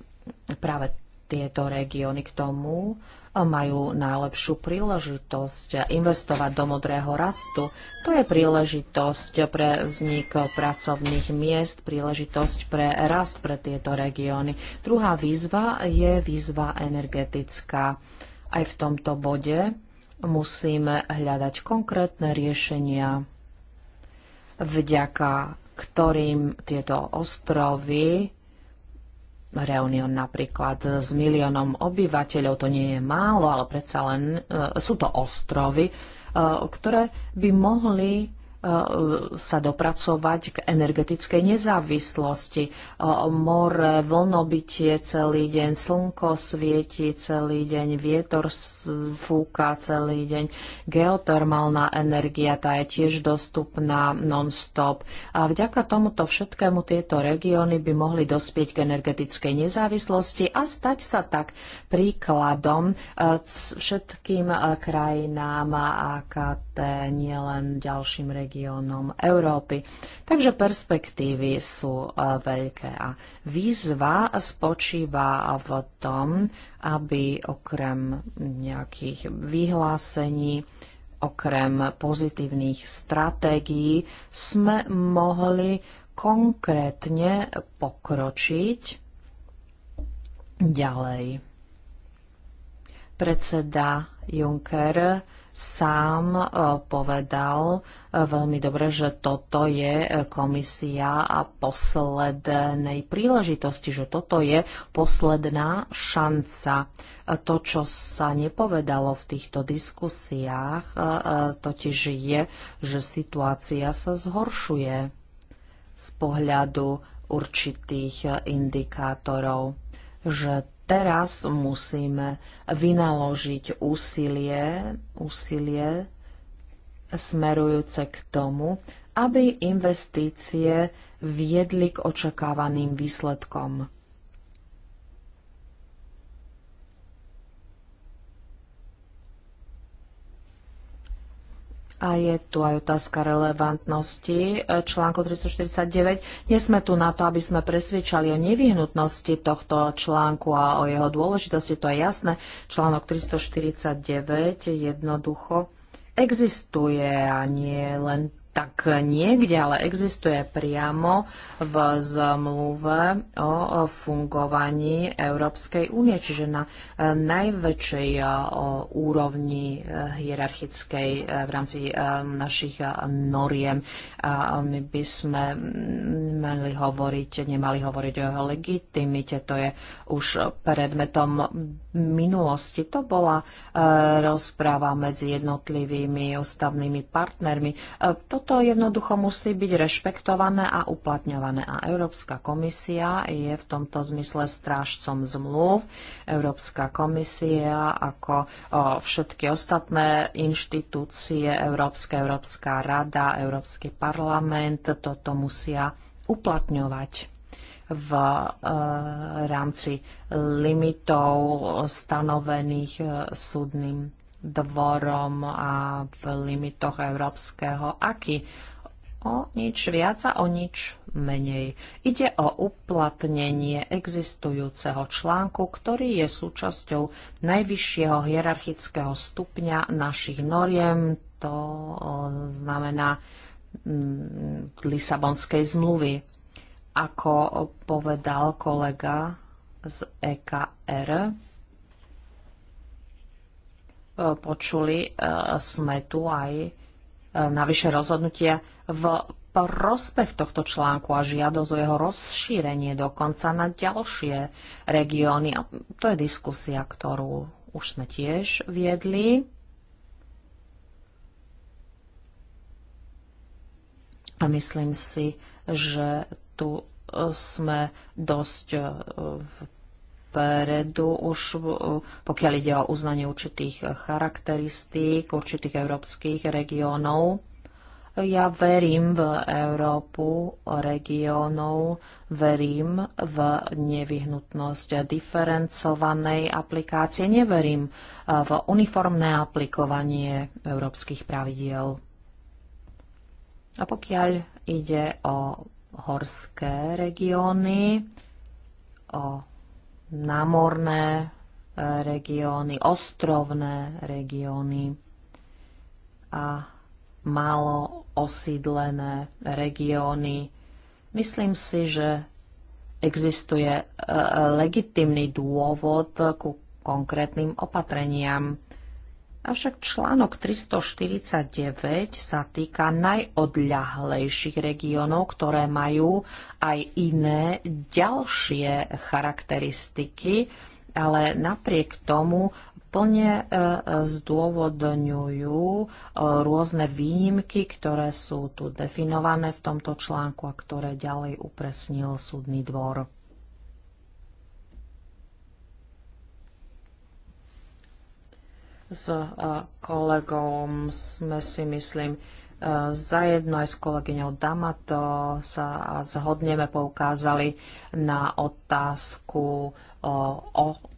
práve tieto regióny k tomu e, majú najlepšiu príležitosť investovať do modrého rastu. To je príležitosť pre vznik pracovných miest, príležitosť pre rast pre tieto regióny. Druhá výzva je výzva energetická. Aj v tomto bode musíme hľadať konkrétne riešenia, vďaka ktorým tieto ostrovy Reunion napríklad s miliónom obyvateľov, to nie je málo, ale predsa len e, sú to ostrovy, e, ktoré by mohli E, sa dopracovať k energetickej nezávislosti. E, more, vlnobytie celý deň, slnko svieti celý deň, vietor fúka celý deň, geotermálna energia tá je tiež dostupná non-stop. A vďaka tomuto všetkému tieto regióny by mohli dospieť k energetickej nezávislosti a stať sa tak príkladom e, všetkým krajinám AKT, nielen ďalším regiónom regiónom Európy. Takže perspektívy sú e, veľké a výzva spočíva v tom, aby okrem nejakých vyhlásení okrem pozitívnych stratégií sme mohli konkrétne pokročiť ďalej. Predseda Juncker sám e, povedal e, veľmi dobre, že toto je e, komisia a poslednej príležitosti, že toto je posledná šanca. To, čo sa nepovedalo v týchto diskusiách, totiž je, že situácia sa zhoršuje z pohľadu určitých indikátorov že teraz musíme vynaložiť úsilie, úsilie smerujúce k tomu, aby investície viedli k očakávaným výsledkom. A je tu aj otázka relevantnosti e, článku 349. Nie sme tu na to, aby sme presvedčali o nevyhnutnosti tohto článku a o jeho dôležitosti. To je jasné. Článok 349 jednoducho existuje a nie len tak niekde, ale existuje priamo v zmluve o fungovaní Európskej únie, čiže na najväčšej eh, úrovni eh, hierarchickej eh, v rámci našich noriem. A my by sme mali hovoriť, nemali hovoriť o legitimite, to je už predmetom minulosti. To bola rozpráva medzi jednotlivými ústavnými partnermi. To toto jednoducho musí byť rešpektované a uplatňované. A Európska komisia je v tomto zmysle strážcom zmluv. Európska komisia ako všetky ostatné inštitúcie, Európska, Európska rada, Európsky parlament toto musia uplatňovať v e, rámci limitov stanovených e, súdnym dvorom a v limitoch európskeho aky. O nič viac a o nič menej. Ide o uplatnenie existujúceho článku, ktorý je súčasťou najvyššieho hierarchického stupňa našich noriem, to e, znamená mm, Lisabonskej zmluvy. Ako povedal kolega z EKR, počuli, e, sme tu aj e, navyše rozhodnutia v prospech tohto článku a žiadosť o jeho rozšírenie dokonca na ďalšie regióny. A to je diskusia, ktorú už sme tiež viedli. A myslím si, že tu e, sme dosť v dopredu už pokiaľ ide o uznanie určitých charakteristík určitých európskych regiónov. Ja verím v Európu regiónov, verím v nevyhnutnosť diferencovanej aplikácie, neverím eh, v uniformné aplikovanie európskych pravidiel. A pokiaľ ide o horské regióny, o námorné e, regióny, ostrovné regióny a málo osídlené regióny. Myslím si, že existuje e, e, legitimný dôvod ku konkrétnym opatreniam. Avšak článok 349 sa týka najodľahlejších regiónov, ktoré majú aj iné ďalšie charakteristiky, ale napriek tomu plne e, zdôvodňujú e, rôzne výnimky, ktoré sú tu definované v tomto článku a ktoré ďalej upresnil súdny dvor. S eh, kolegom sme si, myslím, eh, zajedno aj s kolegyňou Damato sa zhodneme poukázali na otázku o, o,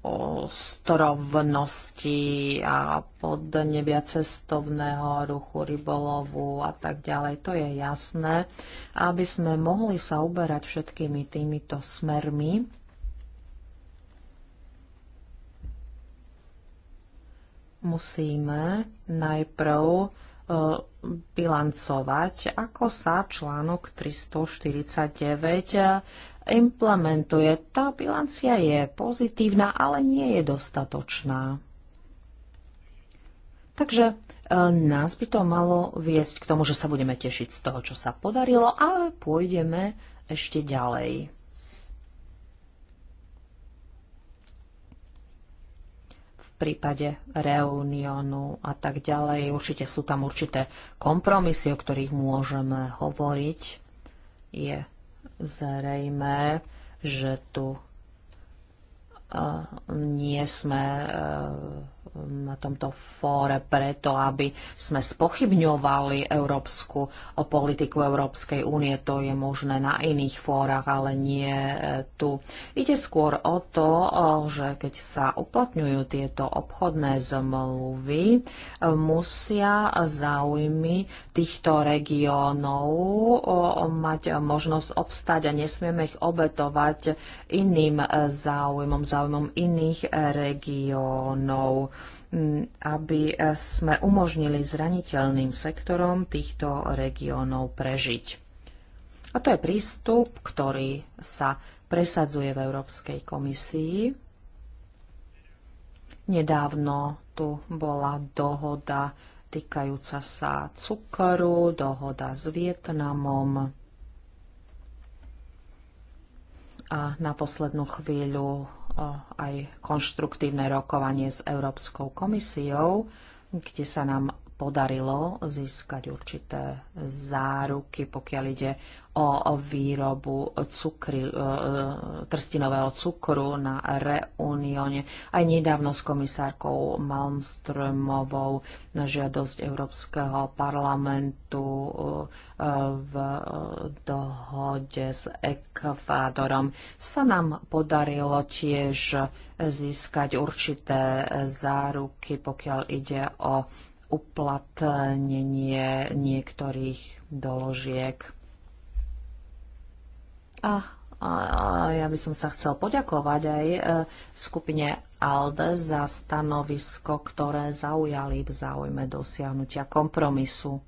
o strovnosti a podnebia cestovného ruchu, rybolovu a tak ďalej. To je jasné. Aby sme mohli sa uberať všetkými týmito smermi, musíme najprv e, bilancovať, ako sa článok 349 e, implementuje. Tá bilancia je pozitívna, ale nie je dostatočná. Takže e, nás by to malo viesť k tomu, že sa budeme tešiť z toho, čo sa podarilo, ale pôjdeme ešte ďalej. prípade reuniónu a tak ďalej. Určite sú tam určité kompromisy, o ktorých môžeme hovoriť. Je zrejme, že tu eh, nie sme eh, na tomto fóre preto, aby sme spochybňovali európsku o politiku Európskej únie. To je možné na iných fórach, ale nie e, tu. Ide skôr o to, e, že keď sa uplatňujú tieto obchodné zmluvy, e, musia záujmy týchto regiónov mať možnosť obstať a nesmieme ich obetovať iným záujmom, záujmom iných regiónov aby e, sme umožnili zraniteľným sektorom týchto regiónov prežiť. A to je prístup, ktorý sa presadzuje v Európskej komisii. Nedávno tu bola dohoda týkajúca sa cukru, dohoda s Vietnamom. A na poslednú chvíľu aj konštruktívne rokovanie s Európskou komisiou, kde sa nám podarilo získať určité záruky, pokiaľ ide o výrobu cukry, e, trstinového cukru na reunióne. Aj nedávno s komisárkou Malmströmovou na žiadosť Európskeho parlamentu e, v e, dohode s Ekvádorom sa nám podarilo tiež získať určité záruky, pokiaľ ide o uplatnenie niektorých doložiek. A, a, a ja by som sa chcel poďakovať aj e, skupine ALDE za stanovisko, ktoré zaujali v záujme dosiahnutia kompromisu.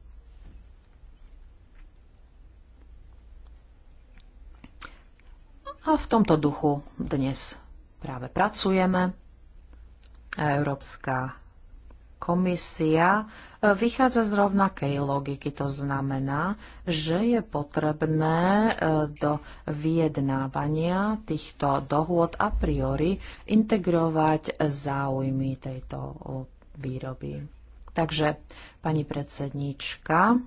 A v tomto duchu dnes práve pracujeme. Európska komisia e, vychádza z rovnakej logiky. To znamená, že je potrebné e, do vyjednávania týchto dohôd a priori integrovať záujmy tejto výroby. Takže, pani predsednička,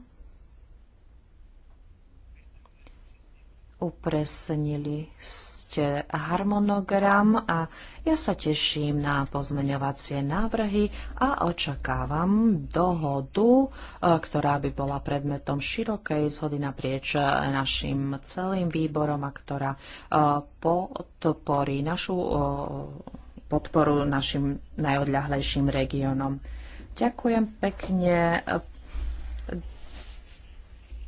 upresnili ste ste harmonogram a ja sa teším na pozmeňovacie návrhy a očakávam dohodu, e, ktorá by bola predmetom širokej zhody naprieč e, našim celým výborom a ktorá e, podporí našu podporu našim najodľahlejším regiónom. Ďakujem pekne.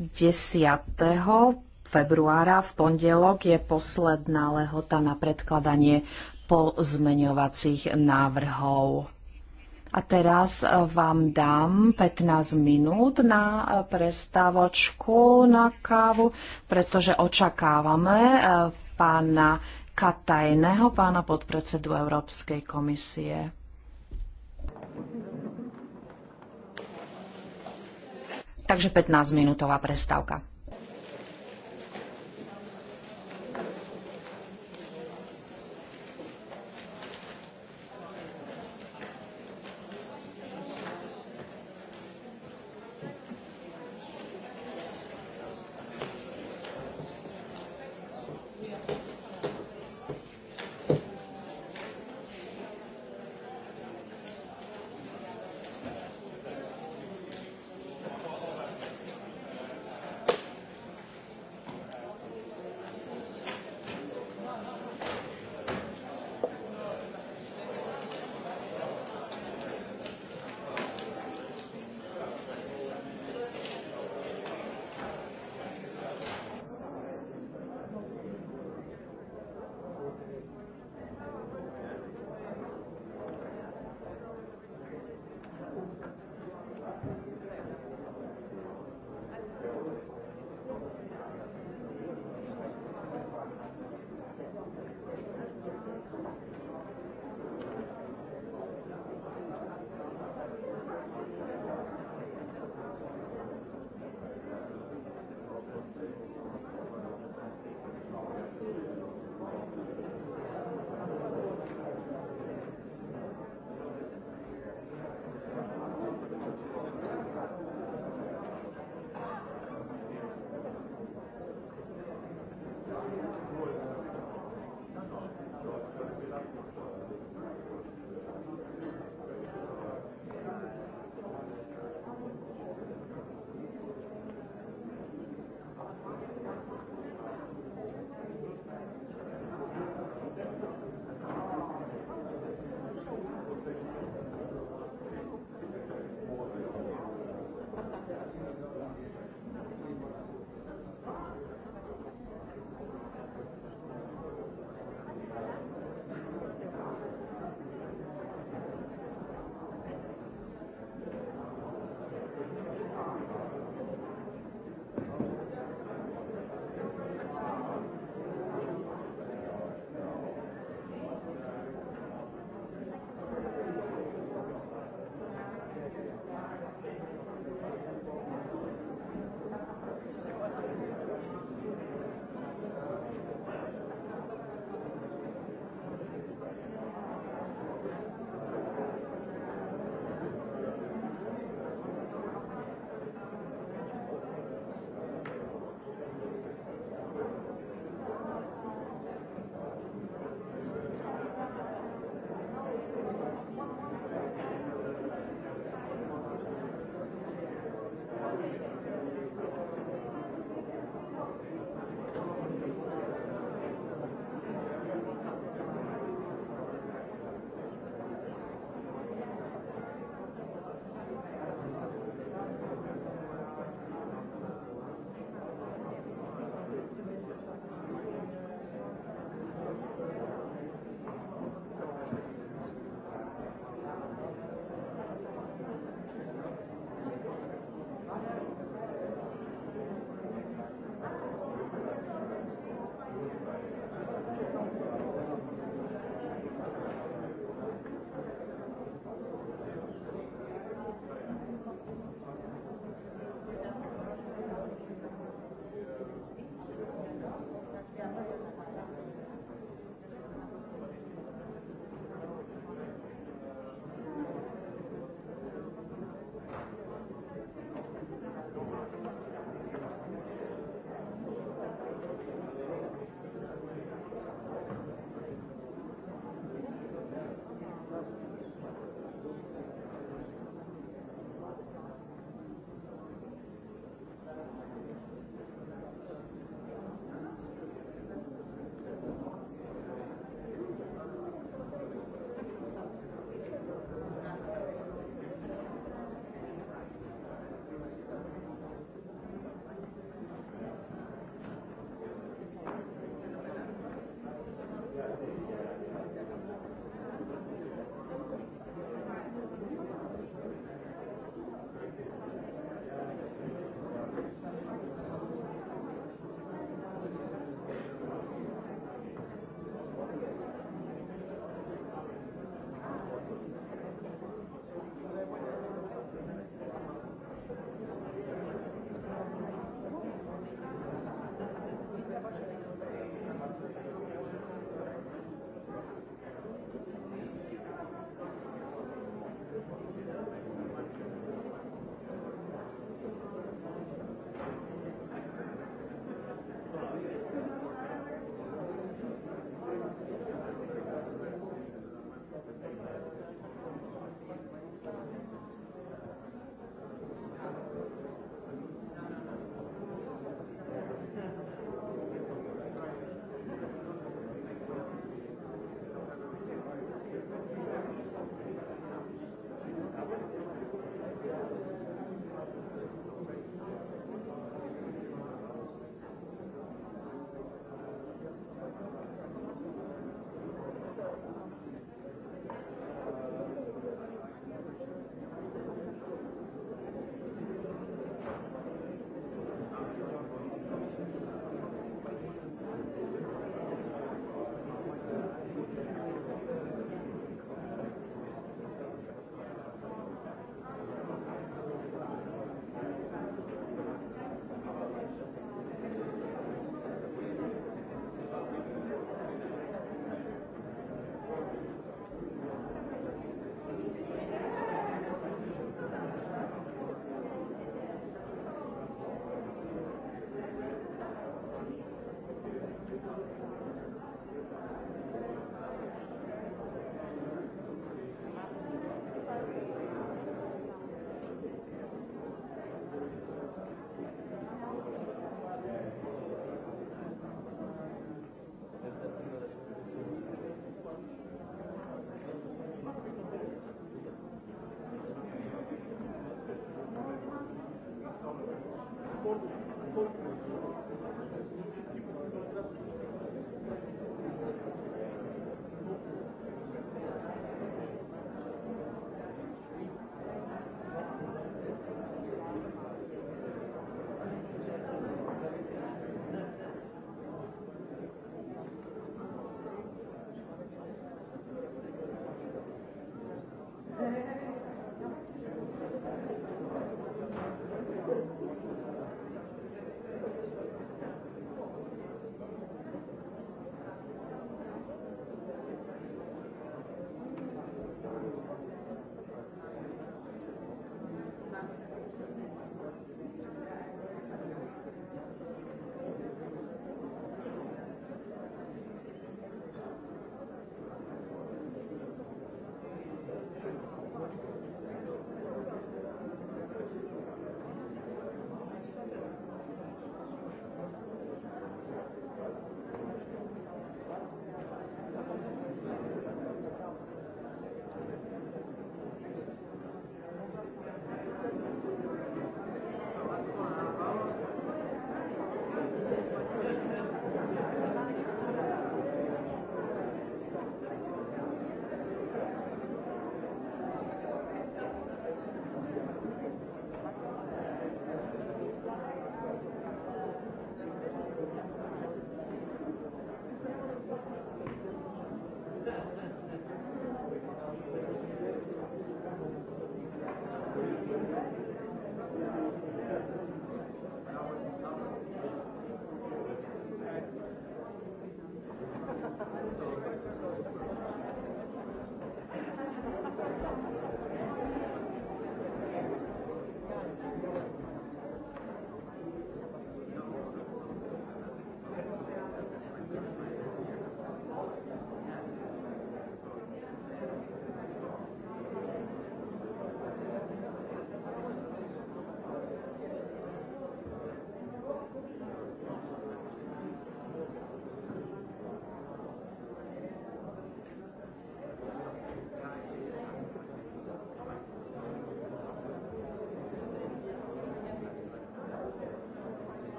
10 februára v pondelok je posledná lehota na predkladanie pozmeňovacích návrhov. A teraz vám dám 15 minút na prestávočku na kávu, pretože očakávame eh, pána Katajného, pána podpredsedu Európskej komisie. Takže 15-minútová prestávka.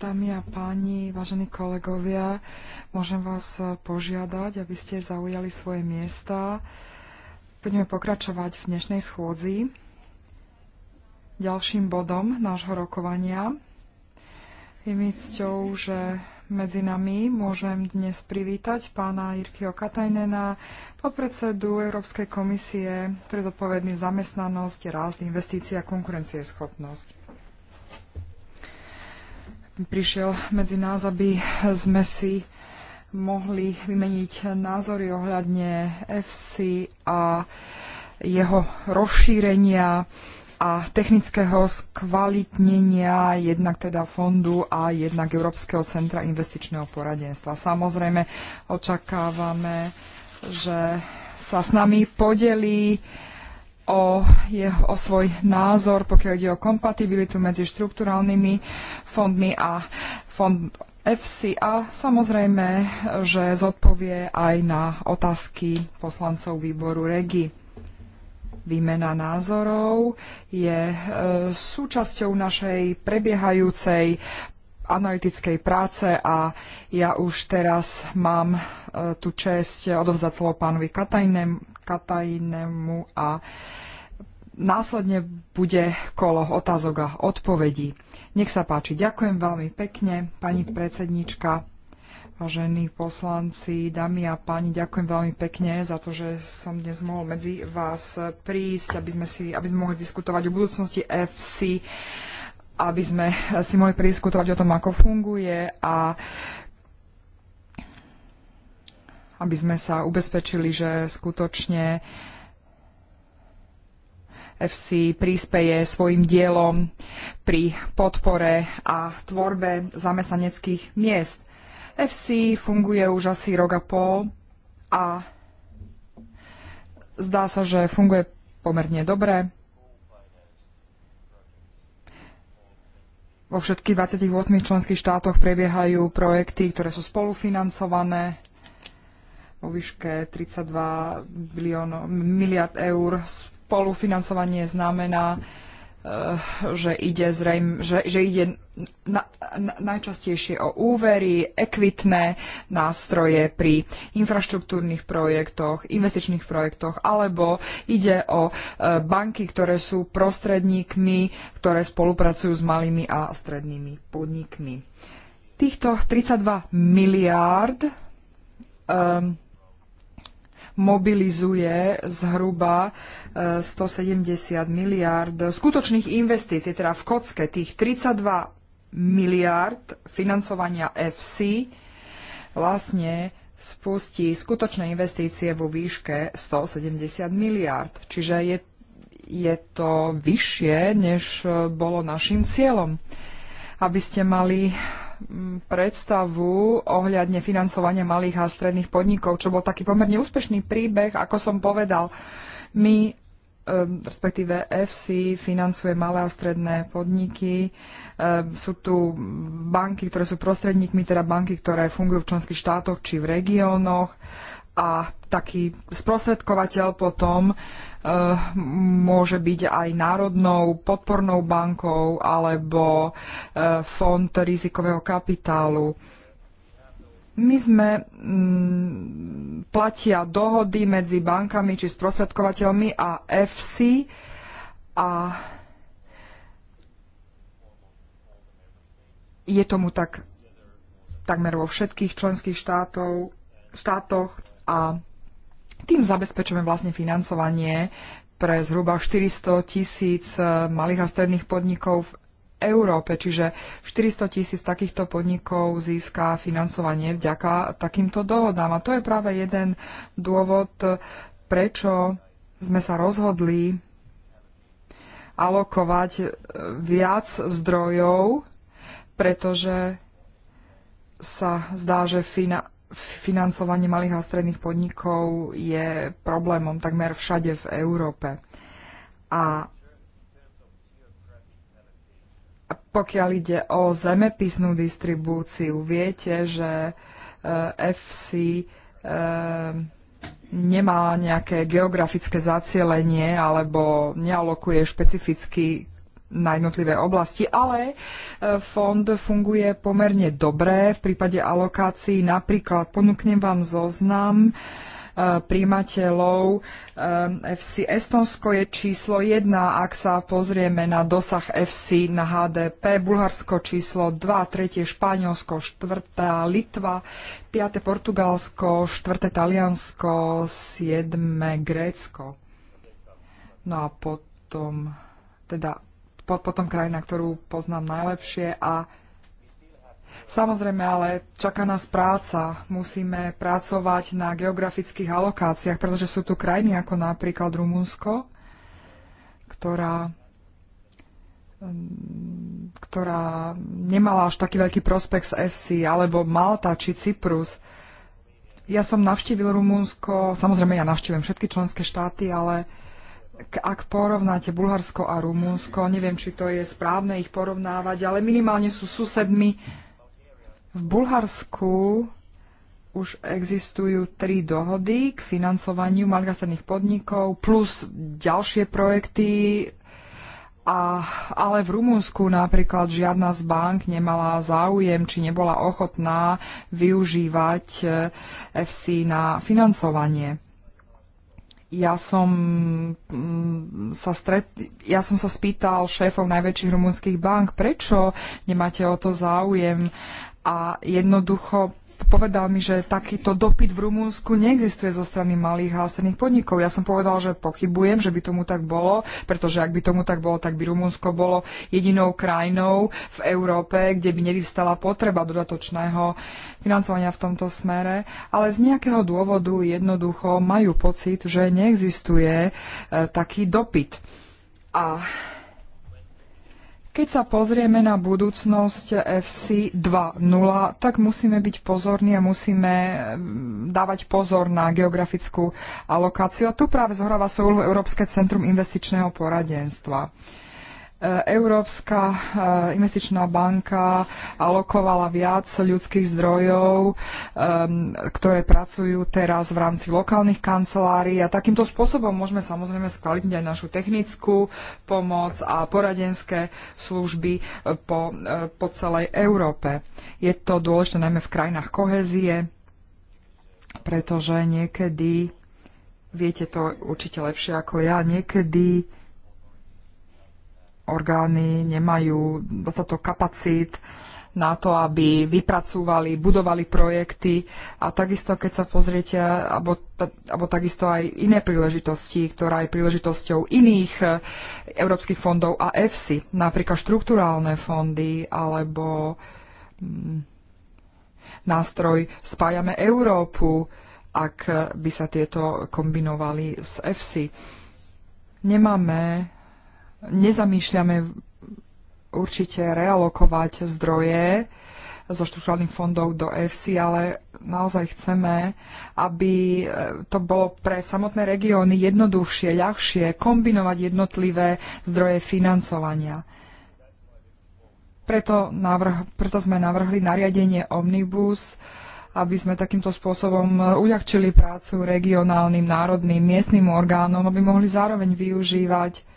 Dámy a páni, vážení kolegovia, môžem vás e, požiadať, aby ste zaujali svoje miesta. Budeme pokračovať v dnešnej schôdzi. Ďalším bodom nášho rokovania je mi cťou, že medzi nami môžem dnes privítať pána Jirkyho Katajnena, podpredsedu Európskej komisie, ktorý je zodpovedný zamestnanosť, rázny investícia a konkurencieschopnosť prišiel medzi nás, aby sme si mohli vymeniť názory ohľadne FC a jeho rozšírenia a technického skvalitnenia jednak teda fondu a jednak Európskeho centra investičného poradenstva. Samozrejme očakávame, že sa s nami podelí o, je, o svoj názor, pokiaľ ide o kompatibilitu medzi štruktúralnými fondmi a fond FC a samozrejme, že zodpovie aj na otázky poslancov výboru REGI. Výmena názorov je e, súčasťou našej prebiehajúcej analytickej práce a ja už teraz mám e, tú čest odovzdať slovo pánovi Katajnemu, Katajnemu a následne bude kolo otázok a odpovedí. Nech sa páči. Ďakujem veľmi pekne, pani predsednička, vážení poslanci, dámy a páni, ďakujem veľmi pekne za to, že som dnes mohol medzi vás prísť, aby sme, si, aby sme mohli diskutovať o budúcnosti FC aby sme si mohli prediskutovať o tom, ako funguje a aby sme sa ubezpečili, že skutočne FC príspeje svojim dielom pri podpore a tvorbe zamestnaneckých miest. FC funguje už asi rok a pol a zdá sa, že funguje pomerne dobre. Vo všetkých 28 členských štátoch prebiehajú projekty, ktoré sú spolufinancované vo výške 32 bilión, miliard eur. Spolufinancovanie znamená, eh, že ide, zrejm, že, že ide na, na, najčastejšie o úvery, ekvitné nástroje pri infraštruktúrnych projektoch, investičných projektoch, alebo ide o eh, banky, ktoré sú prostredníkmi, ktoré spolupracujú s malými a strednými podnikmi. Týchto 32 miliárd um, mobilizuje zhruba 170 e, miliárd skutočných investícií, teda v kocke tých 32 miliárd financovania FC vlastne spustí skutočné investície vo výške 170 miliárd. Čiže je, je to vyššie, než e, bolo našim cieľom. Aby ste mali Mm, predstavu ohľadne financovania malých a stredných podnikov, čo bol taký pomerne úspešný príbeh. Ako som povedal, my ehm, respektíve FC financuje malé a stredné podniky. Ehm, sú tu banky, ktoré sú prostredníkmi, teda banky, ktoré fungujú v členských štátoch či v regiónoch a taký sprostredkovateľ potom eh, môže byť aj národnou podpornou bankou alebo eh, fond rizikového kapitálu. My sme mm, platia dohody medzi bankami či sprostredkovateľmi a FC a je tomu tak takmer vo všetkých členských štátov, štátoch a tým zabezpečujeme vlastne financovanie pre zhruba 400 tisíc e, malých a stredných podnikov v Európe, čiže 400 tisíc takýchto podnikov získa financovanie vďaka takýmto dohodám. A to je práve jeden dôvod, e, prečo sme sa rozhodli alokovať e, viac zdrojov, pretože sa zdá, že fina- financovanie malých a stredných podnikov je problémom takmer všade v Európe. A pokiaľ ide o zemepisnú distribúciu, viete, že eh, FC eh, nemá nejaké geografické zacielenie alebo nealokuje špecificky na jednotlivé oblasti, ale e, fond funguje pomerne dobre v prípade alokácií. Napríklad ponúknem vám zoznam e, príjimateľov e, FC. Estonsko je číslo 1, ak sa pozrieme na dosah FC na HDP, Bulharsko číslo 2, 3. Španielsko, 4. Litva, 5. Portugalsko, 4. Taliansko, 7. Grécko. No a potom teda potom krajina, ktorú poznám najlepšie a Samozrejme, ale čaká nás práca. Musíme pracovať na geografických alokáciách, pretože sú tu krajiny ako napríklad Rumunsko, ktorá ktorá nemala až taký veľký prospekt z FC, alebo Malta či Cyprus. Ja som navštívil Rumunsko, samozrejme ja navštívim všetky členské štáty, ale uh, ak porovnáte Bulharsko a Rumunsko, neviem, či to je správne ich porovnávať, ale minimálne sú susedmi. V Bulharsku už existujú tri dohody k financovaniu malgastrných podnikov plus ďalšie projekty, a, ale v Rumunsku napríklad žiadna z bank nemala záujem, či nebola ochotná využívať eh, FC na financovanie ja som mm, sa stret, ja som sa spýtal šéfov najväčších rumunských bank, prečo nemáte o to záujem a jednoducho povedal mi, že takýto dopyt v Rumunsku neexistuje zo strany malých a stredných podnikov. Ja som povedal, že pochybujem, že by tomu tak bolo, pretože ak by tomu tak bolo, tak by Rumunsko bolo jedinou krajinou v Európe, kde by nevystala potreba dodatočného financovania v tomto smere. Ale z nejakého dôvodu jednoducho majú pocit, že neexistuje e, taký dopyt. A keď sa pozrieme na budúcnosť FC 2.0, tak musíme byť pozorní a musíme mm, dávať pozor na geografickú alokáciu. A tu práve zohráva svoju úlohu Európske centrum investičného poradenstva. E, Európska e, investičná banka alokovala viac ľudských zdrojov, e, ktoré pracujú teraz v rámci lokálnych kancelárií a takýmto spôsobom môžeme samozrejme skvalitniť aj našu technickú pomoc a poradenské služby po, po celej Európe. Je to dôležité najmä v krajinách kohézie, pretože niekedy, viete to určite lepšie ako ja, niekedy orgány nemajú dostatok kapacít na to, aby vypracúvali, budovali projekty a takisto, keď sa pozriete, alebo, alebo takisto aj iné príležitosti, ktorá je príležitosťou iných e, európskych fondov a EFSI, napríklad štrukturálne fondy alebo mm, nástroj Spájame Európu, ak by sa tieto kombinovali s EFSI. Nemáme nezamýšľame určite realokovať zdroje zo štruktúrnych fondov do EFSI, ale naozaj chceme, aby e, to bolo pre samotné regióny jednoduchšie, ľahšie kombinovať jednotlivé zdroje financovania. Preto, navrh, preto sme navrhli nariadenie Omnibus, aby sme takýmto spôsobom e, uľahčili prácu regionálnym, národným, miestnym orgánom, aby mohli zároveň využívať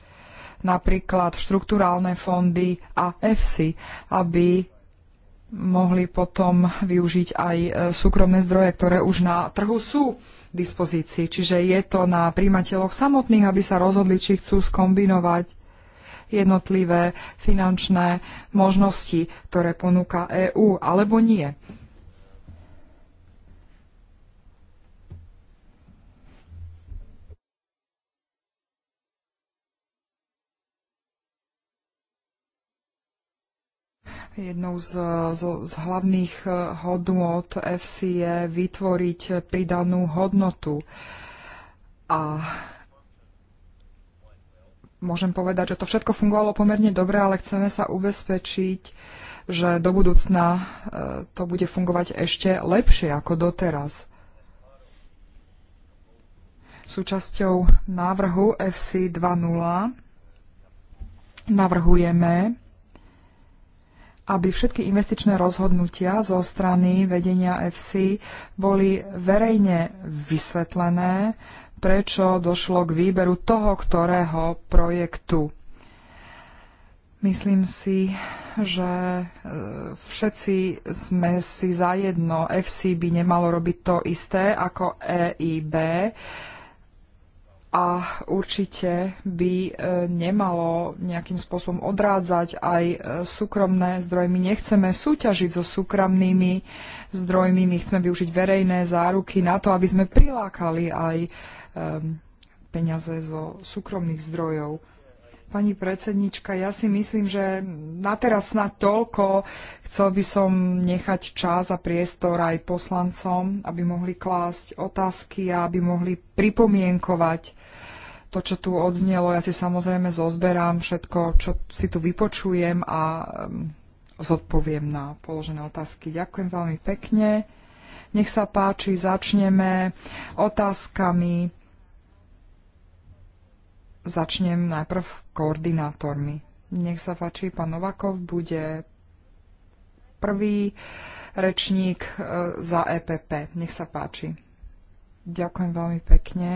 napríklad štruktúrálne fondy a EFSI, aby mohli potom využiť aj e, súkromné zdroje, ktoré už na trhu sú k dispozícii. Čiže je to na príjimateľoch samotných, aby sa rozhodli, či chcú skombinovať jednotlivé finančné možnosti, ktoré ponúka EÚ, alebo nie. Jednou z, eh, z, z hlavných eh, hodnot FC je vytvoriť pridanú hodnotu. A môžem povedať, že to všetko fungovalo pomerne dobre, ale chceme sa ubezpečiť, že do budúcna eh, to bude fungovať ešte lepšie ako doteraz. Súčasťou návrhu FC 2.0 navrhujeme, aby všetky investičné rozhodnutia zo strany vedenia FC boli verejne vysvetlené, prečo došlo k výberu toho, ktorého projektu. Myslím si, že e, všetci sme si zajedno, FC by nemalo robiť to isté ako EIB a určite by e, nemalo nejakým spôsobom odrádzať aj e, súkromné zdroje. My nechceme súťažiť so súkromnými zdrojmi, my chceme využiť verejné záruky na to, aby sme prilákali aj peniaze zo súkromných zdrojov. Pani predsednička, ja si myslím, že na teraz snad toľko. Chcel by som nechať čas a priestor aj poslancom, aby mohli klásť otázky a aby mohli pripomienkovať to, čo tu odznelo, ja si samozrejme zozberám všetko, čo si tu vypočujem a zodpoviem na položené otázky. Ďakujem veľmi pekne. Nech sa páči, začneme otázkami. Začnem najprv koordinátormi. Nech sa páči, pán Novakov bude prvý rečník eh, za EPP. Nech sa páči. Ďakujem veľmi pekne.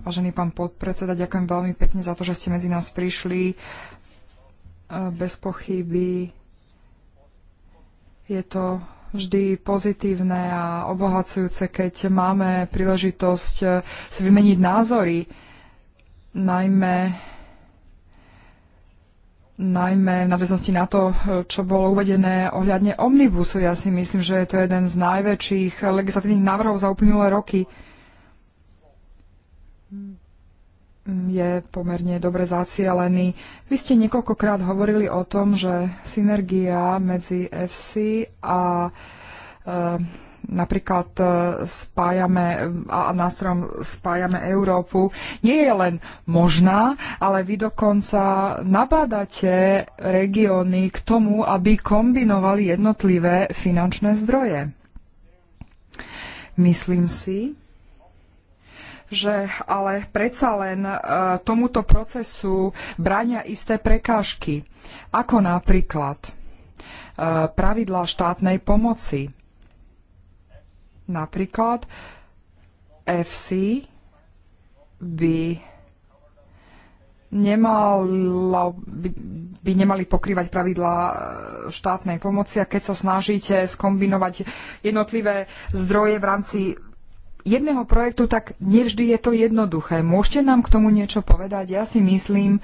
Vážený pán podpredseda, ďakujem veľmi pekne za to, že ste medzi nás prišli. E, bez pochyby je to vždy pozitívne a obohacujúce, keď máme príležitosť e, si vymeniť názory, najmä, najmä v nadväznosti na to, e, čo bolo uvedené ohľadne omnibusu. Ja si myslím, že je to jeden z najväčších legislatívnych návrhov za uplynulé roky je pomerne dobre zacielený. Vy ste niekoľkokrát hovorili o tom, že synergia medzi FC a e, napríklad e, spájame a nástrojom spájame Európu, nie je len možná, ale vy dokonca nabádate regióny k tomu, aby kombinovali jednotlivé finančné zdroje. Myslím si, že ale predsa len e, tomuto procesu bránia isté prekážky, ako napríklad e, pravidlá štátnej pomoci. Napríklad FC by nemalo, by, by nemali pokrývať pravidlá e, štátnej pomoci a keď sa snažíte skombinovať jednotlivé zdroje v rámci jedného projektu, tak nevždy je to jednoduché. Môžete nám k tomu niečo povedať? Ja si myslím,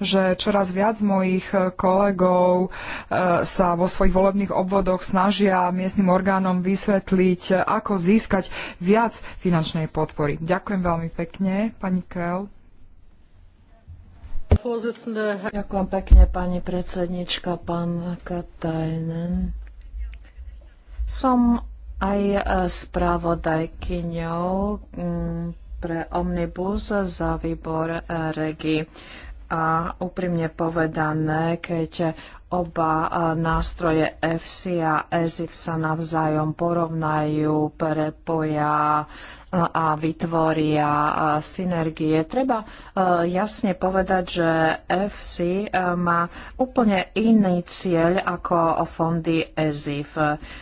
že čoraz viac mojich eh, kolegov eh, sa vo svojich volebných obvodoch snažia miestnym orgánom vysvetliť, eh, ako získať viac finančnej podpory. Ďakujem veľmi pekne, pani Krell. Ďakujem pekne, pani predsednička, pán Katajnen. Som aj e, spravodajkyňou mm, pre Omnibus za výbor e, REGI. A úprimne povedané, keď Oba e, nástroje FC a EZIF sa navzájom porovnajú, prepoja e, a vytvoria e, synergie. Treba jasne povedať, že FC má úplne iný cieľ ako fondy ESIF.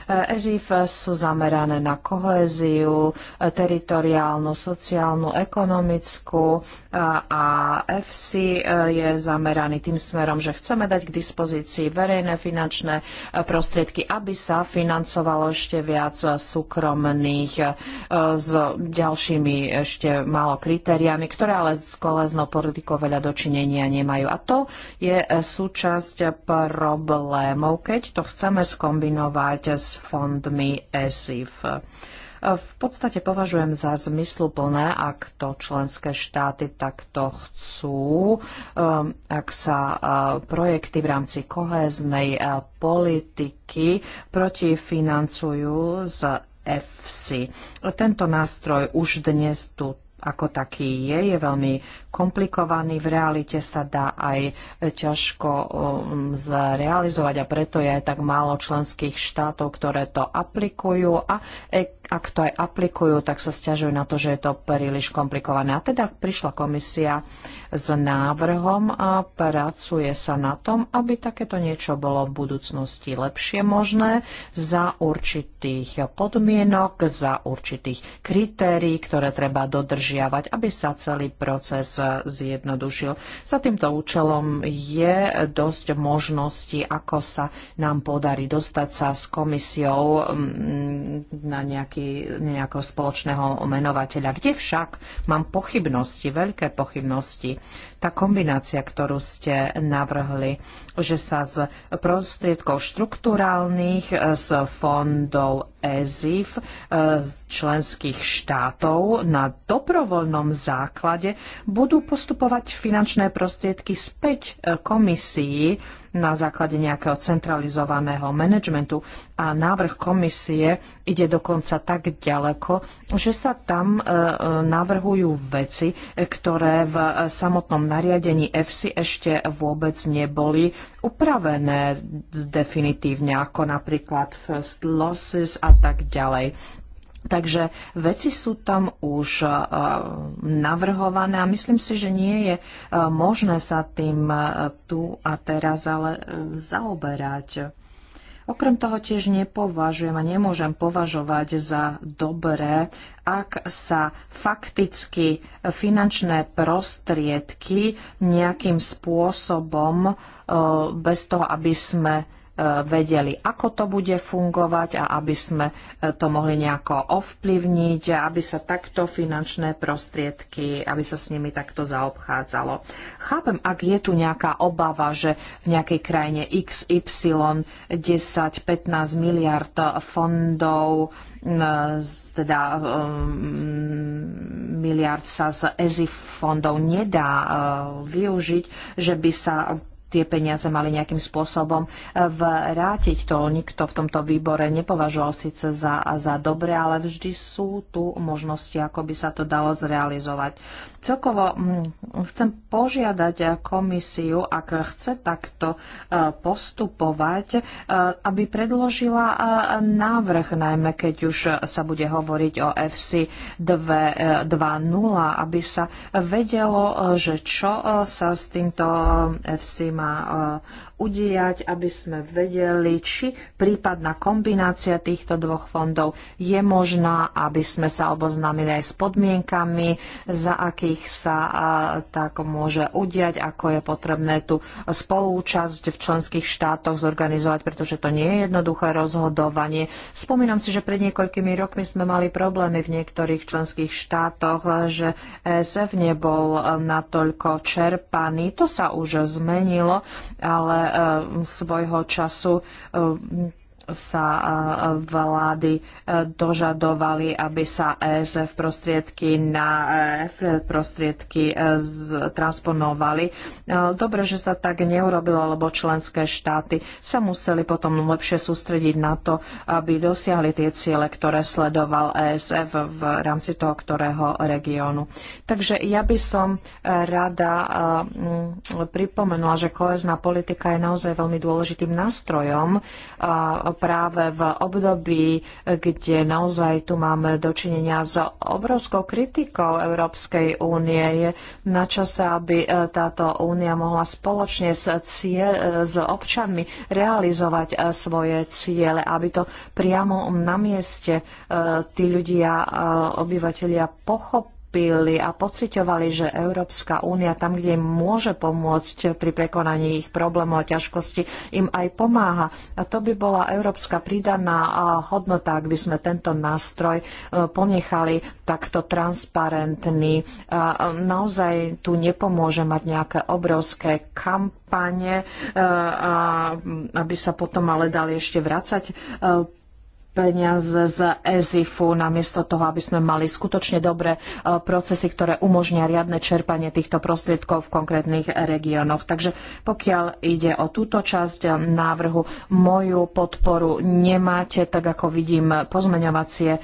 EZIF sú zamerané na koheziu, teritoriálnu, sociálnu, ekonomickú a FC je zameraný tým smerom, že chceme dať k dispozícii dispozícii verejné finančné eh, prostriedky, aby sa financovalo ešte viac eh, súkromných eh, s ďalšími ešte málo kritériami, ktoré ale s koleznou politikou veľa dočinenia nemajú. A to je súčasť problémov, keď to chceme skombinovať s fondmi ESIF. V podstate považujem za zmysluplné, ak to členské štáty takto chcú, um, ak sa uh, projekty v rámci kohéznej uh, politiky protifinancujú z EFSI. Tento nástroj už dnes tu ako taký je, je veľmi komplikovaný, v realite sa dá aj ťažko um, zrealizovať a preto je aj tak málo členských štátov, ktoré to aplikujú a e, ak to aj aplikujú, tak sa stiažujú na to, že je to príliš komplikované. A teda prišla komisia s návrhom a pracuje sa na tom, aby takéto niečo bolo v budúcnosti lepšie možné za určitých podmienok, za určitých kritérií, ktoré treba dodržiť dodržiavať, aby sa celý proces zjednodušil. Za týmto účelom je dosť možností, ako sa nám podarí dostať sa s komisiou mm, na nejaký, nejakého spoločného menovateľa. Kde však mám pochybnosti, veľké pochybnosti. Tá kombinácia, ktorú ste navrhli, že sa z prostriedkov štruktúrálnych, e, z fondov EZIF, e, z členských štátov na dobro dobrovoľnom základe budú postupovať finančné prostriedky späť e, komisii na základe nejakého centralizovaného manažmentu. A návrh komisie ide dokonca tak ďaleko, že sa tam e, e, navrhujú veci, ktoré v samotnom nariadení EFSI ešte vôbec neboli upravené definitívne, ako napríklad first losses a tak ďalej. Takže veci sú tam už navrhované a myslím si, že nie je možné sa tým tu a teraz ale e, zaoberať. Okrem toho tiež nepovažujem a nemôžem považovať za dobré, ak sa fakticky finančné prostriedky nejakým spôsobom, e, bez toho, aby sme E, vedeli, ako to bude fungovať a aby sme e, to mohli nejako ovplyvniť, aby sa takto finančné prostriedky, aby sa s nimi takto zaobchádzalo. Chápem, ak je tu nejaká obava, že v nejakej krajine XY 10-15 miliard fondov teda um, miliard sa z EZI fondov nedá uh, využiť, že by sa tie peniaze mali nejakým spôsobom eh, vrátiť. To nikto v tomto výbore nepovažoval síce za, za dobre, ale vždy sú tu možnosti, ako by sa to dalo zrealizovať. Celkovo mm, chcem požiadať eh, komisiu, ak chce takto eh, postupovať, eh, aby predložila návrh, najmä keď už sa bude hovoriť o FC 2.0, aby sa vedelo, že čo sa s týmto FC má udiať, aby sme vedeli, či prípadná kombinácia týchto dvoch fondov je možná, aby sme sa oboznámili aj s podmienkami, za akých sa tak môže udiať, ako je potrebné tú spolúčasť v členských štátoch zorganizovať, pretože to nie je jednoduché rozhodovanie. Spomínam si, že pred niekoľkými rokmi sme mali problémy v niektorých členských štátoch, že ESF nebol e, natoľko čerpaný. To sa už zmenilo, ale Eh, svojho času eh, sa e, vlády e, dožadovali, aby sa ESF prostriedky na EF prostriedky e, transponovali. Dobre, že sa tak neurobilo, lebo členské štáty sa museli potom lepšie sústrediť na to, aby dosiahli tie ciele, ktoré sledoval ESF v rámci toho, ktorého regiónu. Takže ja by som rada pripomenula, že kohezná politika je naozaj veľmi dôležitým nástrojom práve v období, kde naozaj tu máme dočinenia s obrovskou kritikou Európskej únie. Je na čase, aby e, táto únia mohla spoločne s, cieľ, e, s občanmi realizovať e, svoje ciele, aby to priamo na mieste tí ľudia, obyvateľia pochopili pochopili a pociťovali, že Európska únia tam, kde im môže pomôcť pri prekonaní ich problémov a ťažkosti, im aj pomáha. A to by bola európska pridaná hodnota, ak by sme tento nástroj e, ponechali takto transparentný. A naozaj tu nepomôže mať nejaké obrovské kampane, e, aby sa potom ale dali ešte vracať e, peniaze z EZIFu, namiesto toho, aby sme mali skutočne dobré e, procesy, ktoré umožnia riadne čerpanie týchto prostriedkov v konkrétnych regiónoch. Takže pokiaľ ide o túto časť e, návrhu, moju podporu nemáte, tak ako vidím pozmeňovacie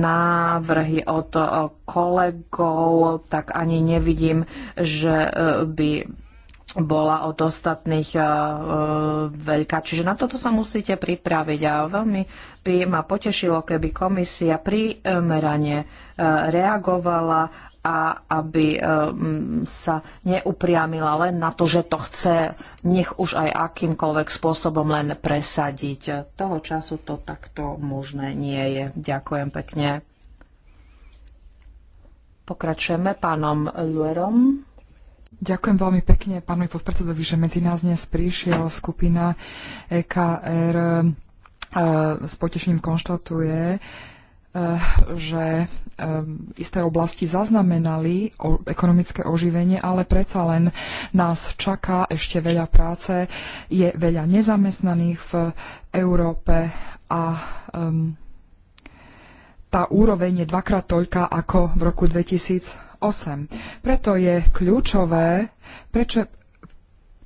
návrhy od e, kolegov, tak ani nevidím, že by bola od ostatných eh, eh, veľká. Čiže na toto sa musíte pripraviť a veľmi by ma potešilo, keby komisia primerane eh, reagovala a aby sa neupriamila len na to, že to chce nech už aj akýmkoľvek spôsobom len presadiť. Toho času to takto možné nie je. Ďakujem pekne. Pokračujeme pánom Luerom. Ďakujem veľmi pekne pánovi podpredsedovi, že medzi nás dnes prišiel skupina EKR. E, s potešením konštatuje, e, že e, isté oblasti zaznamenali ekonomické oživenie, ale predsa len nás čaká ešte veľa práce, je veľa nezamestnaných v Európe a tá úroveň je dvakrát toľka ako v roku 2000 preto je kľúčové, prečo,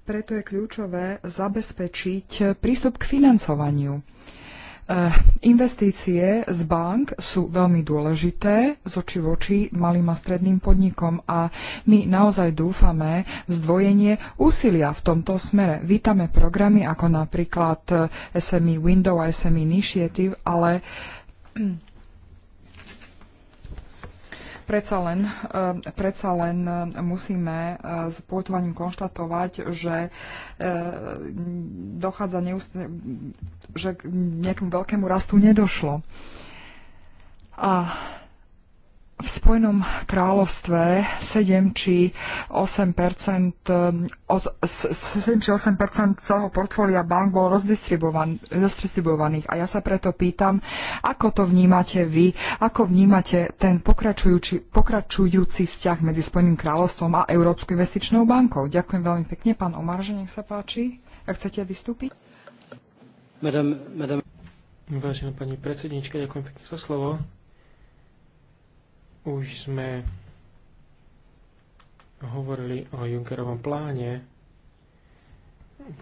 preto je kľúčové zabezpečiť prístup k financovaniu. Eh, investície z bank sú veľmi dôležité z oči voči malým a stredným podnikom a my naozaj dúfame zdvojenie úsilia v tomto smere. Vítame programy ako napríklad eh, SME Window a SME Initiative, ale predsa len, eh, predsa len eh, musíme eh, s polutovaním konštatovať, že dochádza neustále, že k nejakému veľkému rastu nedošlo. A v Spojenom kráľovstve 7 či 8 7 či 8 celého portfólia bank bolo rozdistribuovaných. A ja sa preto pýtam, ako to vnímate vy, ako vnímate ten pokračujúci, pokračujúci vzťah medzi Spojeným kráľovstvom a Európskou investičnou bankou. Ďakujem veľmi pekne, pán že nech sa páči. Ak chcete vystúpiť? Madame, madame. Vážená pani predsednička, ďakujem pekne za slovo. Už sme hovorili o Junckerovom pláne,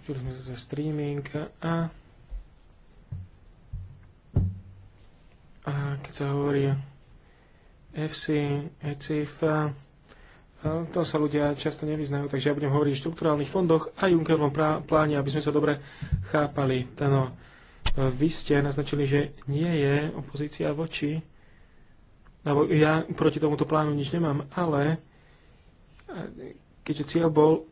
počuli sme sa za streaming a, a keď sa hovorí FC, ECIF, to sa ľudia často nevyznajú, takže ja budem hovoriť o štruktúrálnych fondoch a Junckerovom pláne, aby sme sa dobre chápali. Tano, vy ste naznačili, že nie je opozícia voči lebo ja proti tomuto plánu nič nemám, ale e, keďže cieľ bol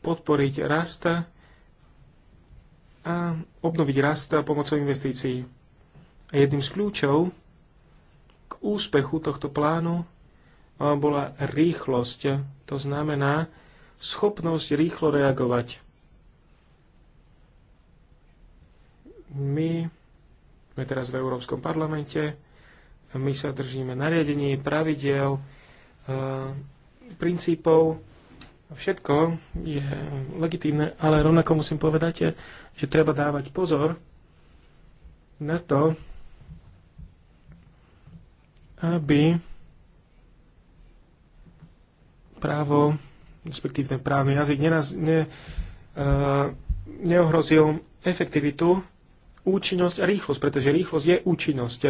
podporiť rasta a obnoviť rasta pomocou investícií. A jedným z kľúčov k úspechu tohto plánu e, bola rýchlosť. To znamená schopnosť rýchlo reagovať. My sme teraz v Európskom parlamente, my sa držíme nariadení, pravidel, eh, princípov, všetko je legitímne, ale rovnako musím povedať, že treba dávať pozor na to, aby právo, respektíve právny jazyk, nenaz, ne, uh, neohrozil efektivitu účinnosť a rýchlosť, pretože rýchlosť je účinnosť.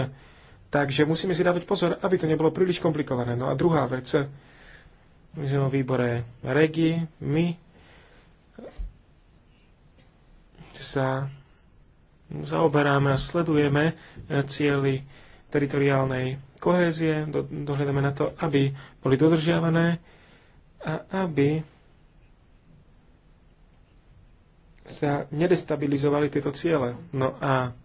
Takže musíme si dávať pozor, aby to nebolo príliš komplikované. No a druhá vec, my sme vo výbore Regi, my sa zaoberáme a sledujeme cieľy teritoriálnej kohézie, do, dohľadáme na to, aby boli dodržiavané a aby sa nedestabilizovali tieto ciele. No a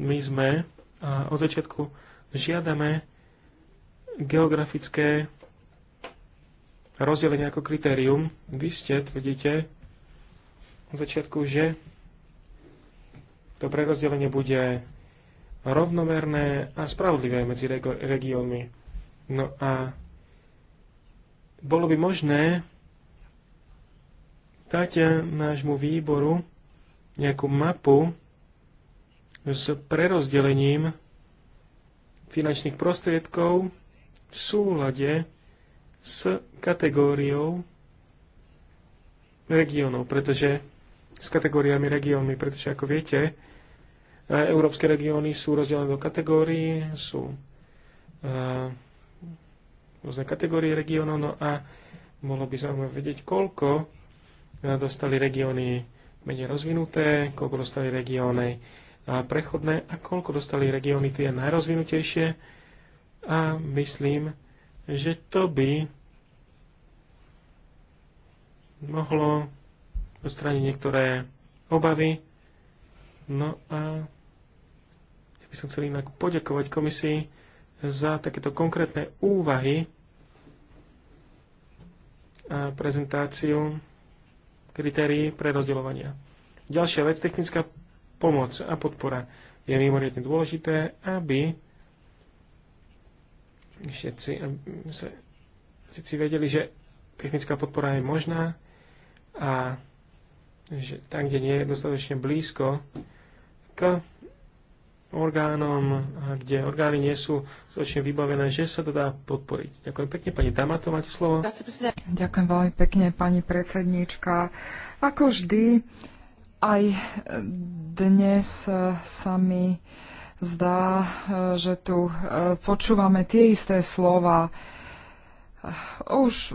my sme a od začiatku žiadame geografické rozdelenie ako kritérium. Vy ste, tvrdíte, od začiatku, že to prerozdelenie bude rovnomerné a spravodlivé medzi regiónmi. No a bolo by možné dať e, nášmu výboru nejakú mapu s prerozdelením finančných prostriedkov v súlade s kategóriou regiónov, pretože s kategóriami regiónmi, pretože ako viete, e, európske regióny sú rozdelené do kategórií, sú uh, rôzne kategórie regiónov, no a bolo by zaujímavé vedieť, koľko dostali regióny menej rozvinuté, koľko dostali regióny prechodné a koľko dostali regióny tie najrozvinutejšie. A myslím, že to by mohlo odstrániť niektoré obavy. No a ja by som chcel inak poďakovať komisii za takéto konkrétne úvahy a prezentáciu kritérií pre rozdeľovania. Ďalšia vec, technická pomoc a podpora. Je mimoriadne dôležité, aby všetci, aby sa, všetci vedeli, že technická podpora je možná a že tam, kde nie je dostatočne blízko k orgánom, kde orgány nie sú zločne vybavené, že sa to dá podporiť. Ďakujem pekne, pani Damato, máte slovo. Ďakujem veľmi pekne, pani predsednička. Ako vždy, aj dnes sa mi zdá, že tu e, počúvame tie isté slova, už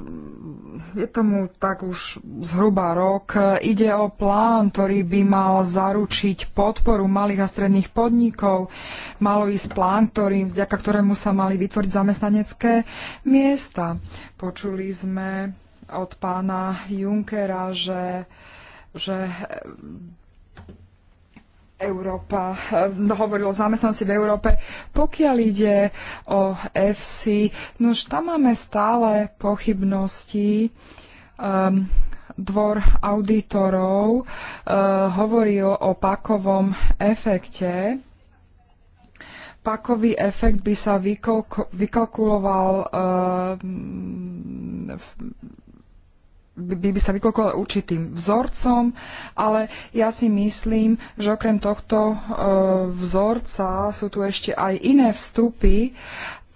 je tomu tak už zhruba rok. Ide o plán, ktorý by mal zaručiť podporu malých a stredných podnikov. Malo ísť plán, ktorý, vďaka ktorému sa mali vytvoriť zamestnanecké miesta. Počuli sme od pána Junkera, že že Európa, ehm, no, hovorilo o zamestnanosti v Európe. Pokiaľ ide o FC, no už tam máme stále pochybnosti. Um, dvor auditorov uh, hovoril o pakovom efekte. Pakový efekt by sa vykalkuloval uh, by, by sa vyklokala určitým vzorcom, ale ja si myslím, že okrem tohto e, vzorca sú tu ešte aj iné vstupy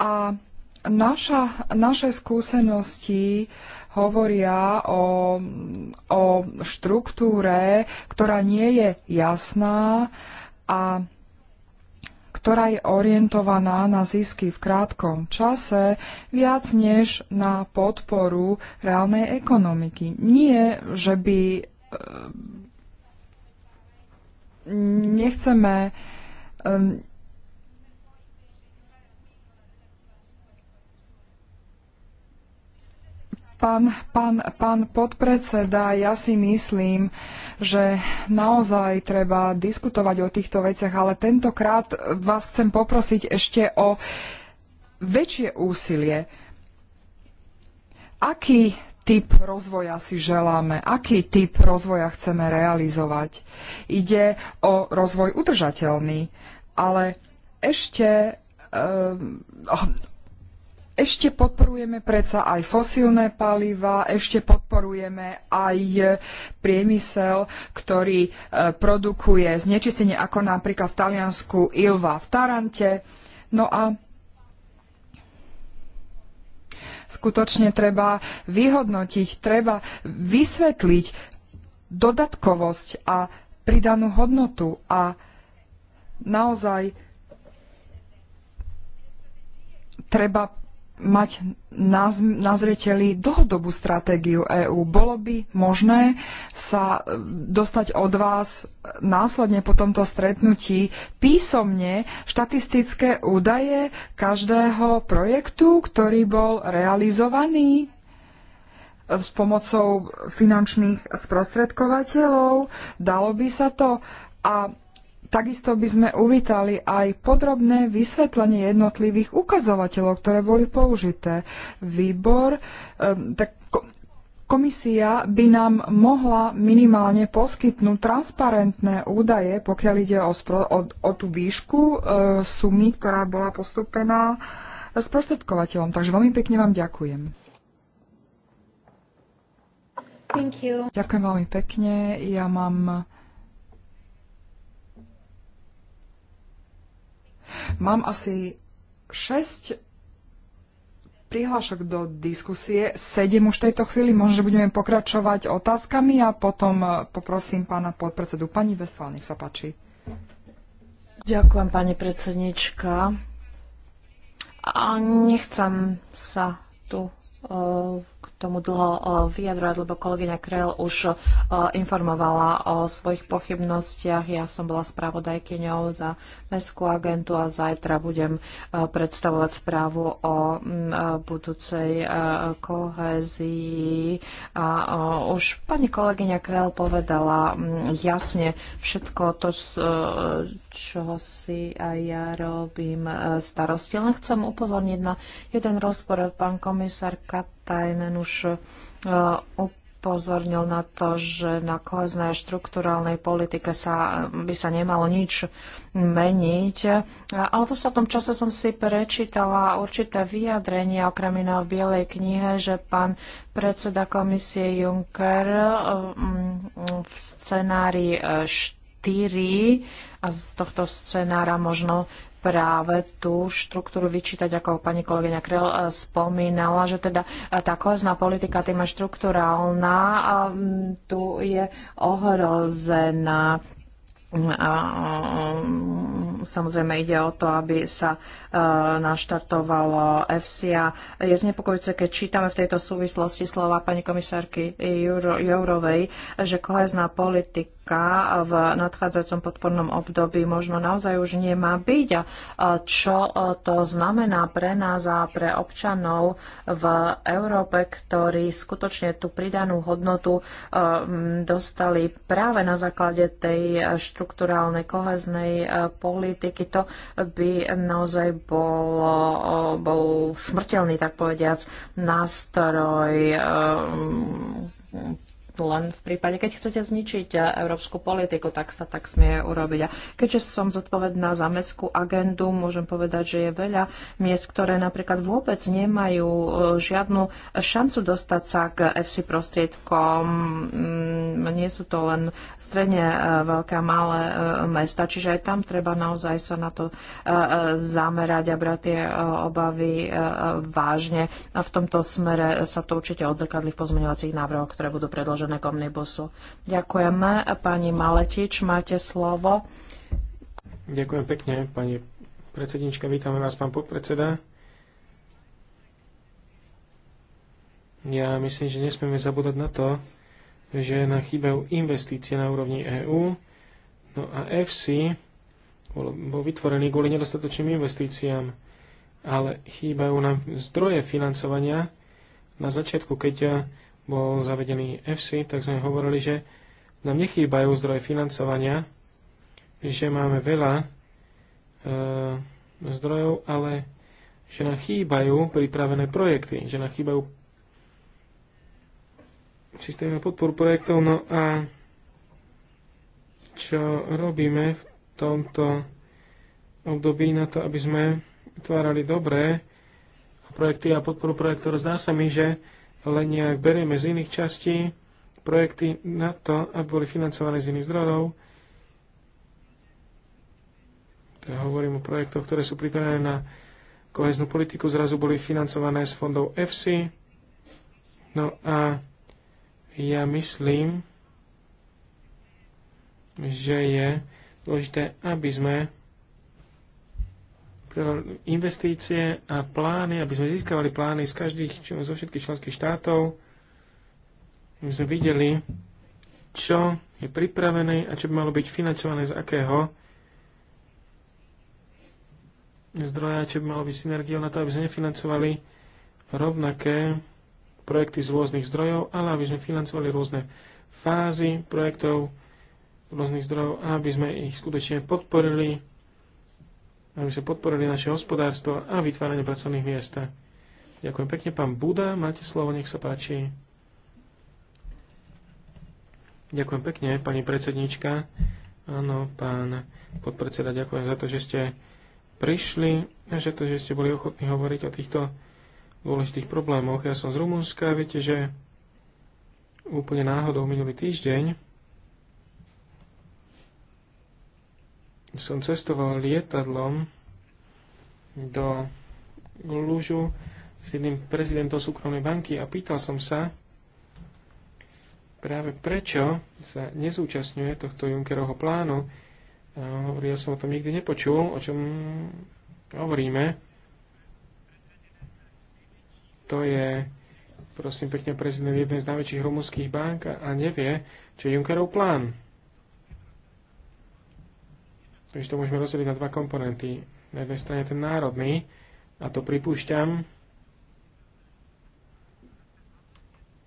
a naša, naše skúsenosti hovoria o, o štruktúre, ktorá nie je jasná a ktorá je orientovaná na zisky v krátkom čase viac než na podporu reálnej ekonomiky. Nie, že by eh, nechceme Pán, pán, pán podpredseda, ja si myslím, že naozaj treba diskutovať o týchto veciach, ale tentokrát vás chcem poprosiť ešte o väčšie úsilie. Aký typ rozvoja si želáme, aký typ rozvoja chceme realizovať. Ide o rozvoj udržateľný, ale ešte ehm, ešte podporujeme predsa aj fosílne paliva, ešte podporujeme aj e, priemysel, ktorý e, produkuje znečistenie, ako napríklad v Taliansku Ilva v Tarante. No a skutočne treba vyhodnotiť, treba vysvetliť dodatkovosť a pridanú hodnotu a naozaj treba mať na, na zreteli dlhodobú stratégiu EÚ. Bolo by možné sa e, dostať od vás následne po tomto stretnutí písomne štatistické údaje každého projektu, ktorý bol realizovaný e, s pomocou finančných sprostredkovateľov. Dalo by sa to a Takisto by sme uvítali aj podrobné vysvetlenie jednotlivých ukazovateľov, ktoré boli použité. Výbor, e, tak komisia by nám mohla minimálne poskytnúť transparentné údaje, pokiaľ ide o, spro, o, o tú výšku e, sumy, ktorá bola postupená sprostredkovateľom. Takže veľmi pekne vám ďakujem. Ďakujem veľmi pekne. Ja mám Mám asi 6 prihlášok do diskusie, 7 už v tejto chvíli, možno, že budeme pokračovať otázkami a potom eh, poprosím pána podpredsedu. Pani Vestval, nech sa páči. Ďakujem, pani predsednička. A nechcem sa tu uh, tomu dlho vyjadrovať, lebo kolegyňa Krell už informovala o svojich pochybnostiach. Ja som bola spravodajkyňou za Mestskú agentu a zajtra budem predstavovať správu o budúcej kohezii. A už pani kolegyňa Krell povedala jasne všetko to, čo si aj ja robím e, starosti. Len chcem upozorniť na jeden rozpor. Pán komisár Kat Tajnen už e, upozornil na to, že na koheznej štruktúralnej politike sa, by sa nemalo nič meniť. Ale v ostatnom čase som si prečítala určité vyjadrenie okrem iného v Bielej knihe, že pán predseda komisie Juncker e, v scenári 4 e, a z tohto scenára možno práve tú štruktúru vyčítať, ako pani kolegyňa Krel eh, spomínala, že teda eh, tá kozná politika, tým štruktúrálna, mm, tu je ohrozená. A mm, samozrejme ide o to, aby sa eh, naštartovalo EFSIA. Je znepokojúce, keď čítame v tejto súvislosti slova pani komisárky Jourovej, že kohezná politika Slovenska v nadchádzajúcom podpornom období možno naozaj už nemá byť a čo to znamená pre nás a pre občanov v Európe, ktorí skutočne tú pridanú hodnotu dostali práve na základe tej štruktúrálnej koheznej politiky. To by naozaj bol, bol smrteľný, tak povediac, nástroj len v prípade, keď chcete zničiť eh, európsku politiku, tak sa tak smie urobiť. A keďže som zodpovedná za mestskú agendu, môžem povedať, že je veľa miest, ktoré napríklad vôbec nemajú eh, žiadnu šancu dostať sa k FC prostriedkom. Mm, nie sú to len stredne eh, veľké a malé mesta, čiže aj tam treba naozaj sa na to zamerať a brať tie obavy vážne. A v tomto smere sa to určite odrkadli v pozmeňovacích návrhoch, ktoré budú predložené k omnibusu. Ďakujeme. Pani Maletič, máte slovo. Ďakujem pekne, pani predsednička. Vítame vás, pán podpredseda. Ja myslím, že nesmieme zabúdať na to, že nám chýbajú investície na úrovni EÚ. No a FC bol, bol vytvorený kvôli nedostatočným investíciám, ale chýbajú nám zdroje financovania. Na začiatku, keď bol zavedený FC, tak sme hovorili, že nám nechýbajú zdroje financovania, že máme veľa e, zdrojov, ale že nám chýbajú pripravené projekty, že nám chýbajú systémy podporu projektov. No a čo robíme v tomto období na to, aby sme vytvárali dobré projekty a podporu projektov. Zdá sa mi, že len nejak berieme z iných častí projekty na to, aby boli financované z iných zdrojov. Teda hovorím o projektoch, ktoré sú pripravené na koheznú politiku, zrazu boli financované z fondov FC. No a ja myslím, že je dôležité, aby sme investície a plány, aby sme získavali plány z každých, zo všetkých členských štátov, aby sme videli, čo je pripravené a čo by malo byť financované z akého zdroja, čo by malo byť synergiou na to, aby sme nefinancovali rovnaké projekty z rôznych zdrojov, ale aby sme financovali rôzne fázy projektov rôznych zdrojov a aby sme ich skutočne podporili aby sme podporili naše hospodárstvo a vytváranie pracovných miest. Ďakujem pekne, pán Buda, máte slovo, nech sa páči. Ďakujem pekne, pani predsednička. Áno, pán podpredseda, ďakujem za to, že ste prišli a že to, že ste boli ochotní hovoriť o týchto dôležitých problémoch. Ja som z Rumunska, viete, že úplne náhodou minulý týždeň som cestoval lietadlom do Lúžu s jedným prezidentom súkromnej banky a pýtal som sa práve prečo sa nezúčastňuje tohto Junckerovho plánu. ja som o tom nikdy nepočul, o čom hovoríme. To je prosím pekne prezident jednej z najväčších rumunských bank a nevie, čo je Junckerov plán. Takže to môžeme rozdeliť na dva komponenty. Na jednej strane ten národný, a to pripúšťam,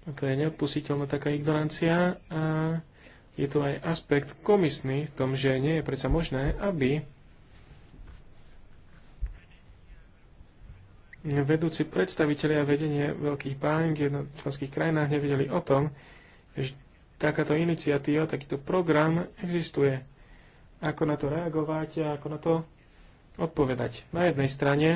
a to je neodpustiteľná taká ignorancia, a je to aj aspekt komisný v tom, že nie je predsa možné, aby vedúci predstavitelia vedenie veľkých bank v jednotlivých krajinách nevedeli o tom, že takáto iniciatíva, takýto program existuje ako na to reagovať a ako na to odpovedať. Na jednej strane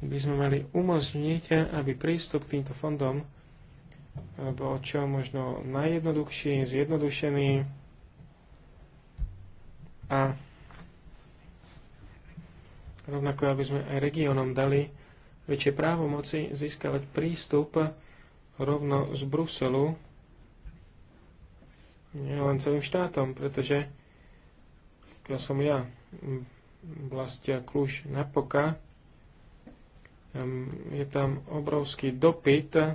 by sme mali umožniť, aby prístup k týmto fondom bol čo možno najjednoduchší, zjednodušený a rovnako aby sme aj regiónom dali väčšie právomoci získavať prístup rovno z Bruselu nie len celým štátom, pretože ja som ja, vlastia Kluž Napoka, je tam obrovský dopyt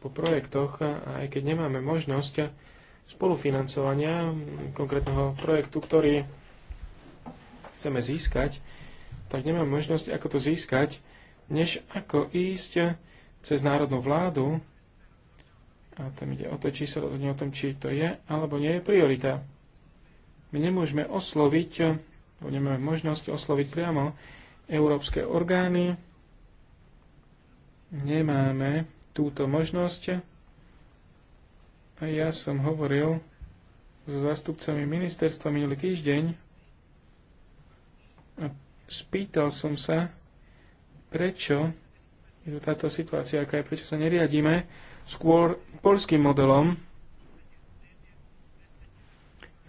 po projektoch a aj keď nemáme možnosť spolufinancovania konkrétneho projektu, ktorý chceme získať, tak nemáme možnosť, ako to získať, než ako ísť cez národnú vládu a tam ide o to, či sa rozhodne o tom, či to je alebo nie je priorita. My nemôžeme osloviť, nemáme možnosť osloviť priamo európske orgány. Nemáme túto možnosť. A ja som hovoril so zástupcami ministerstva minulý týždeň a spýtal som sa, prečo je táto situácia, aká je, prečo sa neriadíme skôr polským modelom, e,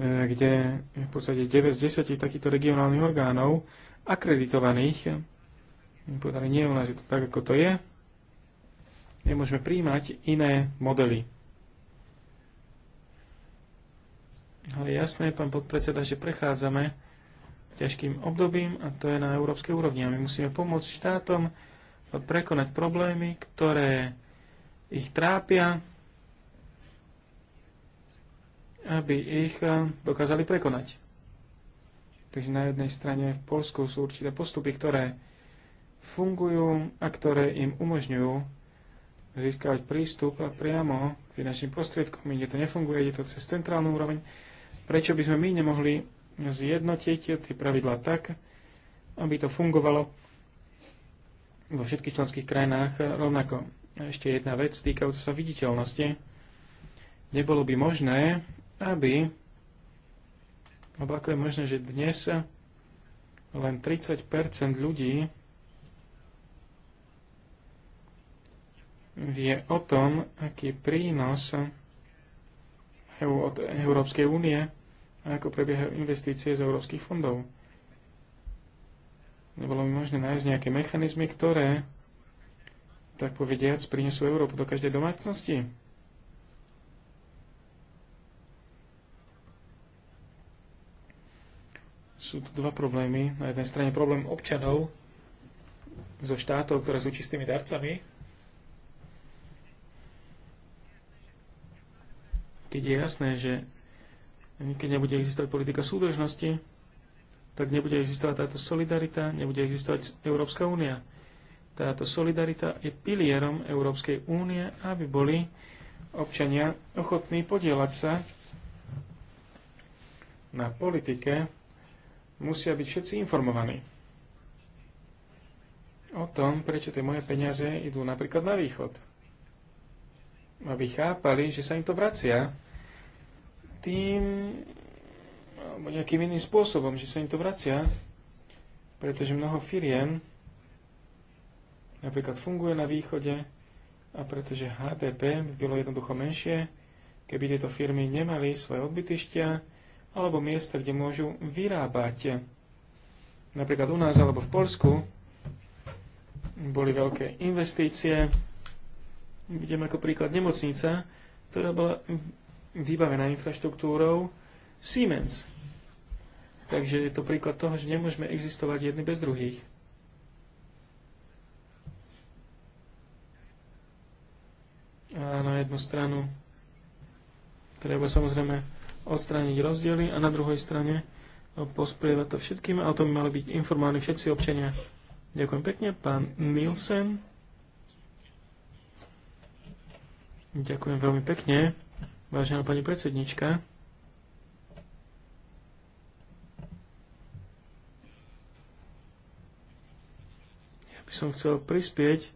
kde je v podstate 9 z 10 takýchto regionálnych orgánov akreditovaných. Povedali, nie, u nás je to tak, ako to je. Nemôžeme príjmať iné modely. Ale jasné, pán podpredseda, že prechádzame ťažkým obdobím a to je na európskej úrovni. A my musíme pomôcť štátom prekonať problémy, ktoré ich trápia, aby ich eh, dokázali prekonať. Takže na jednej strane v Polsku sú určité postupy, ktoré fungujú a ktoré im umožňujú získavať prístup priamo k finančným prostriedkom. Ide to nefunguje, ide to cez centrálnu úroveň. Prečo by sme my nemohli zjednotiť tie pravidlá tak, aby to fungovalo vo všetkých členských krajinách rovnako? A ešte jedna vec týkajúca sa viditeľnosti. Nebolo by možné, aby, alebo ako je možné, že dnes len 30 ľudí vie o tom, aký prínos od Európskej únie a ako prebiehajú investície z európskych fondov. Nebolo by možné nájsť nejaké mechanizmy, ktoré tak povediac, prinesú Európu do každej domácnosti? Sú tu dva problémy. Na jednej strane problém občanov zo štátov, ktoré sú čistými darcami. Keď je jasné, že keď nebude existovať politika súdržnosti, tak nebude existovať táto solidarita, nebude existovať Európska únia. Táto solidarita je pilierom Európskej únie, aby boli občania ochotní podielať sa na politike, musia byť všetci informovaní o tom, prečo tie moje peniaze idú napríklad na východ. Aby chápali, že sa im to vracia tým alebo nejakým iným spôsobom, že sa im to vracia, pretože mnoho firiem napríklad funguje na východe a pretože HDP by bolo jednoducho menšie, keby tieto firmy nemali svoje odbytištia alebo miesta, kde môžu vyrábať. Napríklad u nás alebo v Polsku boli veľké investície. Vidím ako príklad nemocnica, ktorá bola vybavená infraštruktúrou Siemens. Takže je to príklad toho, že nemôžeme existovať jedni bez druhých. A na jednu stranu treba samozrejme odstrániť rozdiely a na druhej strane posprievať to všetkým a o tom mali byť informovaní všetci občania. Ďakujem pekne. Pán Nielsen. Ďakujem veľmi pekne, vážená pani predsednička. Ja by som chcel prispieť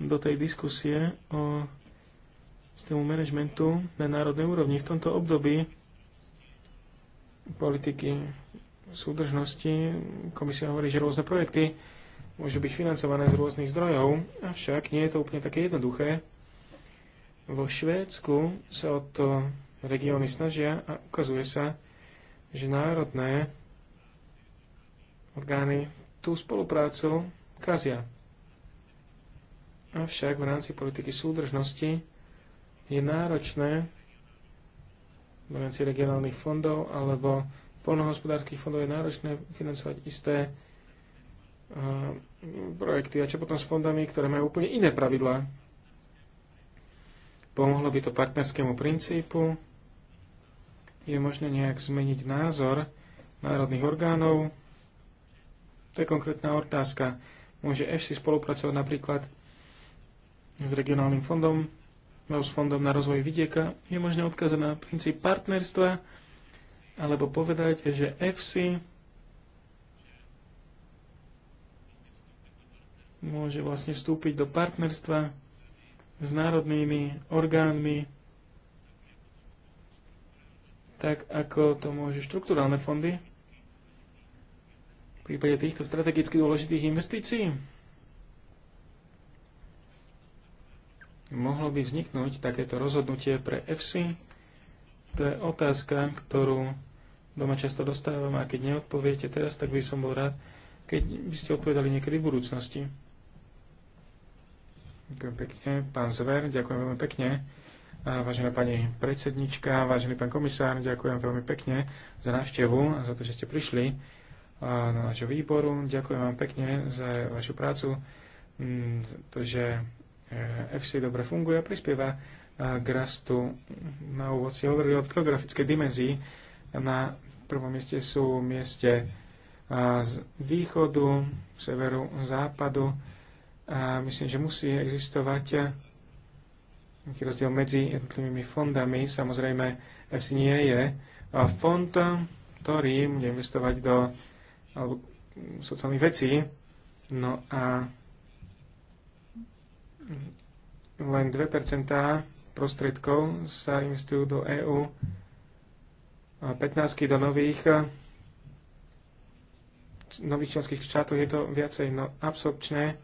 do tej diskusie o systému manažmentu na národnej úrovni. V tomto období politiky súdržnosti komisia hovorí, že rôzne projekty môžu byť financované z rôznych zdrojov, avšak nie je to úplne také jednoduché. Vo Švédsku sa o to regióny snažia a ukazuje sa, že národné orgány tú spoluprácu kazia. Avšak v rámci politiky súdržnosti je náročné v rámci regionálnych fondov alebo polnohospodárských fondov je náročné financovať isté a, projekty. A čo potom s fondami, ktoré majú úplne iné pravidlá? Pomohlo by to partnerskému princípu? Je možné nejak zmeniť názor národných orgánov? To je konkrétna otázka. Môže EFSI spolupracovať napríklad s regionálnym fondom s Fondom na rozvoj vidieka, je možné odkázať na princíp partnerstva alebo povedať, že EFSI môže vlastne vstúpiť do partnerstva s národnými orgánmi, tak ako to môže štruktúrálne fondy v prípade týchto strategicky dôležitých investícií. mohlo by vzniknúť takéto rozhodnutie pre FC? To je otázka, ktorú doma často dostávam a keď neodpoviete teraz, tak by som bol rád, keď by ste odpovedali niekedy v budúcnosti. Ďakujem pekne. Pán Zver, ďakujem veľmi pekne. A vážená pani predsednička, vážený pán komisár, ďakujem veľmi pekne za návštevu a za to, že ste prišli na našu výboru. Ďakujem vám pekne za vašu prácu, to, že Eh, FC dobre funguje a prispieva eh, k rastu. Na ovoci hovorili o geografickej dimenzii. Na prvom mieste sú mieste eh, z východu, severu, západu. A myslím, že musí existovať nejaký rozdiel medzi jednotlivými fondami. Samozrejme, FC nie je fond, ktorý bude investovať do alebo mm, sociálnych vecí. No a len 2% prostriedkov sa investujú do EÚ 15 do nových nových členských štátov je to viacej no, absorpčné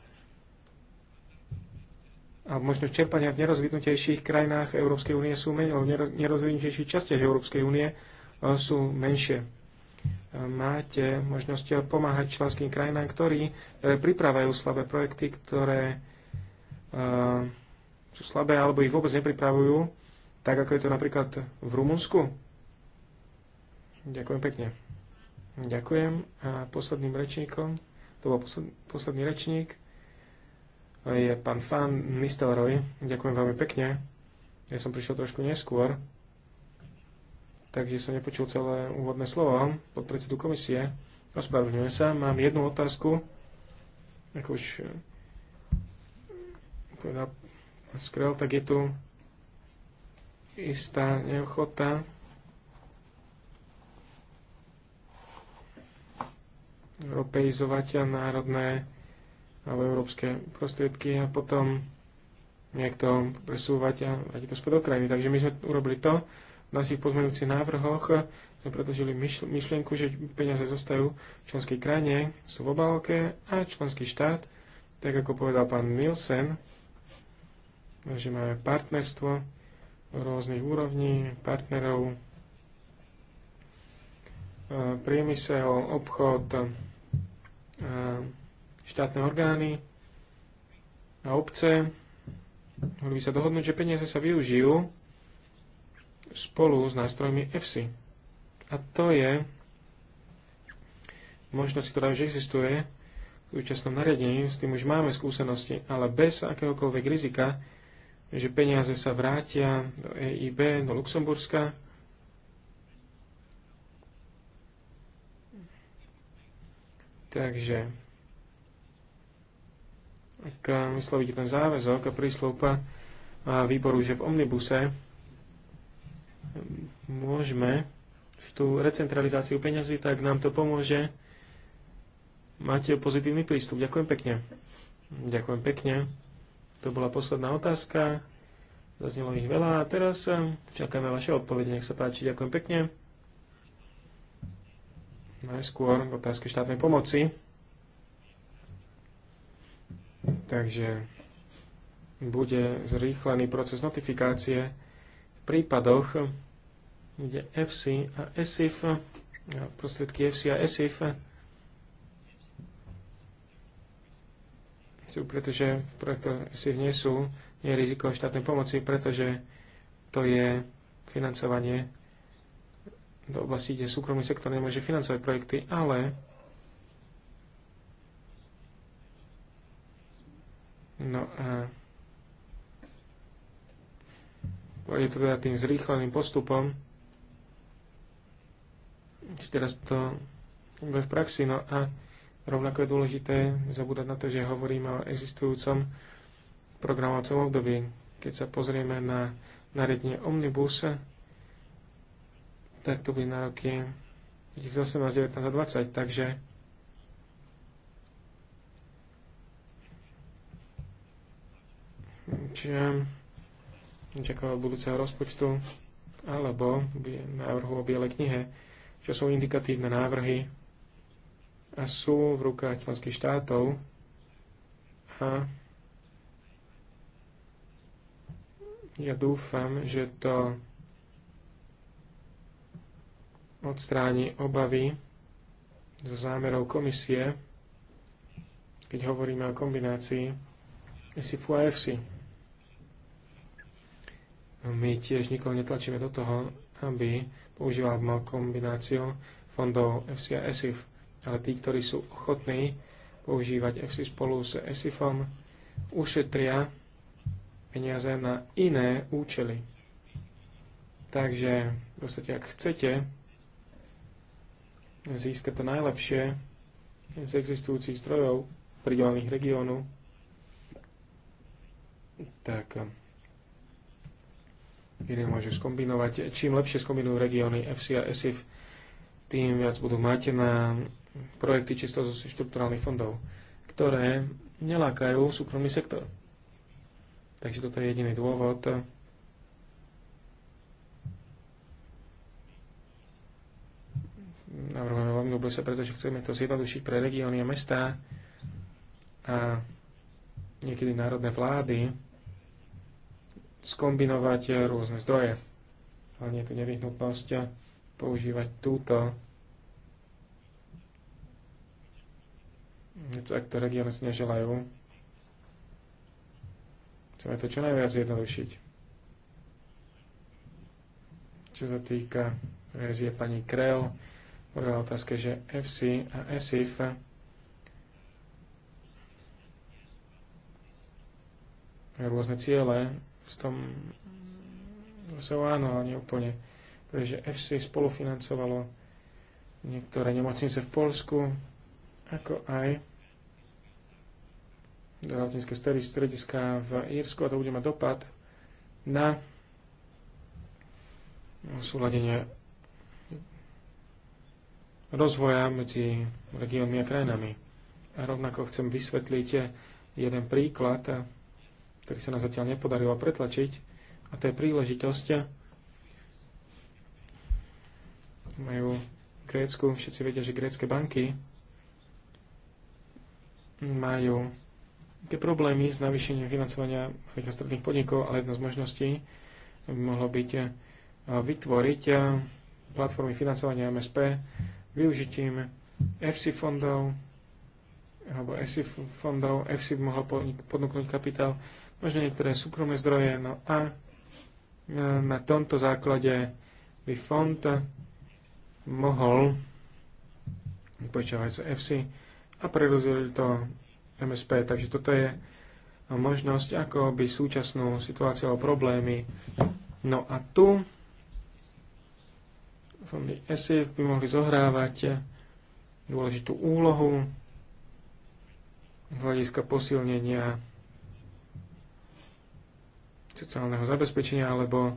a možno čerpania v nerozvinutejších krajinách Európskej únie sú menej, alebo v nerozvinutejších častiach Európskej únie e, sú menšie. E, máte možnosť pomáhať členským krajinám, ktorí e, pripravajú slabé projekty, ktoré sú slabé alebo ich vôbec nepripravujú, tak ako je to napríklad v Rumunsku. Ďakujem pekne. Ďakujem. A posledným rečníkom, to bol posledný, posledný rečník, je pán Fan Nistelroj. Ďakujem veľmi pekne. Ja som prišiel trošku neskôr, takže som nepočul celé úvodné slovo pod predsedu komisie. Ospravedlňujem sa. Mám jednu otázku, ako už teda Skrel, tak je tu istá neochota europeizovať národné alebo európske prostriedky a potom niekto presúvať a aj to späť do krajiny. Takže my sme urobili to, v našich pozmenujúcich návrhoch sme predložili myšlienku, že peniaze zostajú v členskej krajine, sú v obálke a členský štát, tak ako povedal pán Nielsen, že máme partnerstvo rôznych úrovní, partnerov, e, priemysel, obchod, e, štátne orgány a obce. Mohli by sa dohodnúť, že peniaze sa využijú spolu s nástrojmi EFSI. A to je možnosť, ktorá už existuje v súčasnom nariadení, s tým už máme skúsenosti, ale bez akéhokoľvek rizika, že peniaze sa vrátia do EIB, do Luxemburska. Takže ak vyslovíte ten záväzok a príslovka výboru, že v omnibuse môžeme v tú recentralizáciu peňazí, tak nám to pomôže mať pozitívny prístup. Ďakujem pekne. Ďakujem pekne. To bola posledná otázka. Zaznelo ich veľa a teraz eh, čakáme vaše odpovede. Nech sa páči, ďakujem pekne. Najskôr k otázke štátnej pomoci. Takže bude zrýchlený proces notifikácie v prípadoch, kde FC a ESIF, eh, prostriedky FC a ESIF eh, sú, pretože v projektoch si nie sú, nie je riziko štátnej pomoci, pretože to je financovanie do oblasti, kde súkromný sektor nemôže financovať projekty, ale no a je to teda tým zrýchleným postupom, či teraz to v praxi, no a Rovnako je dôležité zabúdať na to, že hovoríme o existujúcom programovacom období. Keď sa pozrieme na nariadenie Omnibus, tak to bude na roky 2018, 19 a 20, takže čiže čakalo budúceho rozpočtu alebo návrhu o bielej knihe, čo sú indikatívne návrhy a sú v rukách členských štátov a ja dúfam, že to odstráni obavy zo zámerov komisie, keď hovoríme o kombinácii SIFU a FC. No, my tiež nikoho netlačíme do toho, aby používal kombináciu fondov FC a SIFU ale tí, ktorí sú ochotní používať EFSI spolu s ESIFom, ušetria peniaze na iné účely. Takže v podstate, ak chcete získať to najlepšie z existujúcich zdrojov pridelených regiónu, tak iné môže skombinovať. Čím lepšie skombinujú regióny FC a ESIF, tým viac budú mať na projekty čisto zo štruktúrálnych fondov, ktoré nelákajú súkromný sektor. Takže toto je jediný dôvod, navrhujeme veľmi sa, pretože chceme to zjednodušiť pre regióny a mesta a niekedy národné vlády skombinovať rôzne zdroje. Ale nie je tu nevyhnutnosť používať túto ak to regióny si neželajú, chceme to čo najviac zjednodušiť. Čo sa týka verzie pani Krell, hovorila otázka, že FC a SIF rôzne ciele v tom sú áno, ale neúplne. Pretože FC spolufinancovalo niektoré nemocnice v Polsku, ako aj zdravotnícke strediska v Írsku a to bude mať dopad na súladenie rozvoja medzi regiónmi a krajinami. A rovnako chcem vysvetliť jeden príklad, ktorý sa nám zatiaľ nepodarilo pretlačiť, a to je príležitosť. Majú Grécku, všetci vedia, že grécké banky majú tie problémy s navýšením financovania malých a stredných podnikov, ale jedna z možností by mohlo byť eh, vytvoriť eh, platformy financovania MSP využitím EFSI fondov alebo ESI fondov. EFSI by mohlo podnúknuť kapitál, možno niektoré súkromné zdroje. No a eh, na tomto základe by fond mohol počiavať sa EFSI a prerozdelili to MSP. Takže toto je možnosť, ako by súčasnú situáciu alebo problémy. No a tu fondy ESIF by mohli zohrávať dôležitú úlohu z hľadiska posilnenia sociálneho zabezpečenia alebo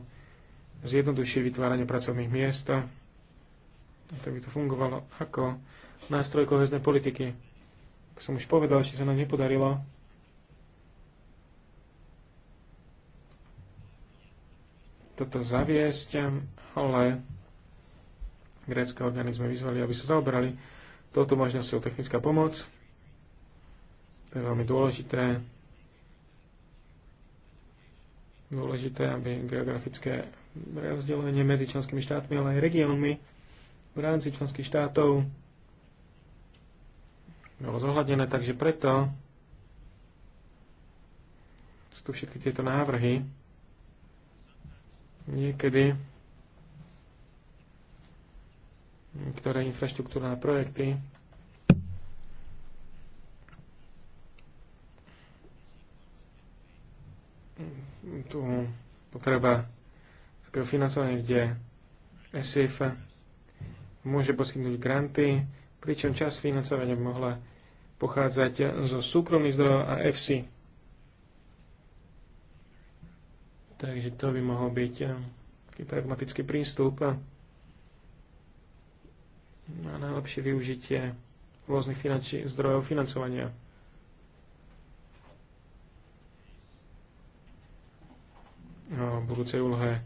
zjednodušie vytváranie pracovných miest. To by to fungovalo ako nástroj kohezné politiky ako som už povedal, či sa nám nepodarilo toto zaviesť, ale grécké orgány sme vyzvali, aby sa zaoberali touto možnosťou technická pomoc. To je veľmi dôležité. Dôležité, aby geografické rozdelenie medzi členskými štátmi, ale aj regiónmi v rámci členských štátov bolo zohľadené, takže preto sú tu všetky tieto návrhy. Niekedy ktoré infraštruktúrne projekty tu potreba takého financovania, kde SIF môže poskytnúť granty, pričom čas financovania by mohla pochádzať zo súkromných zdrojov a FC. Takže to by mohol byť eh, taký pragmatický prístup na najlepšie využitie rôznych finanči- zdrojov financovania. O budúcej úlohe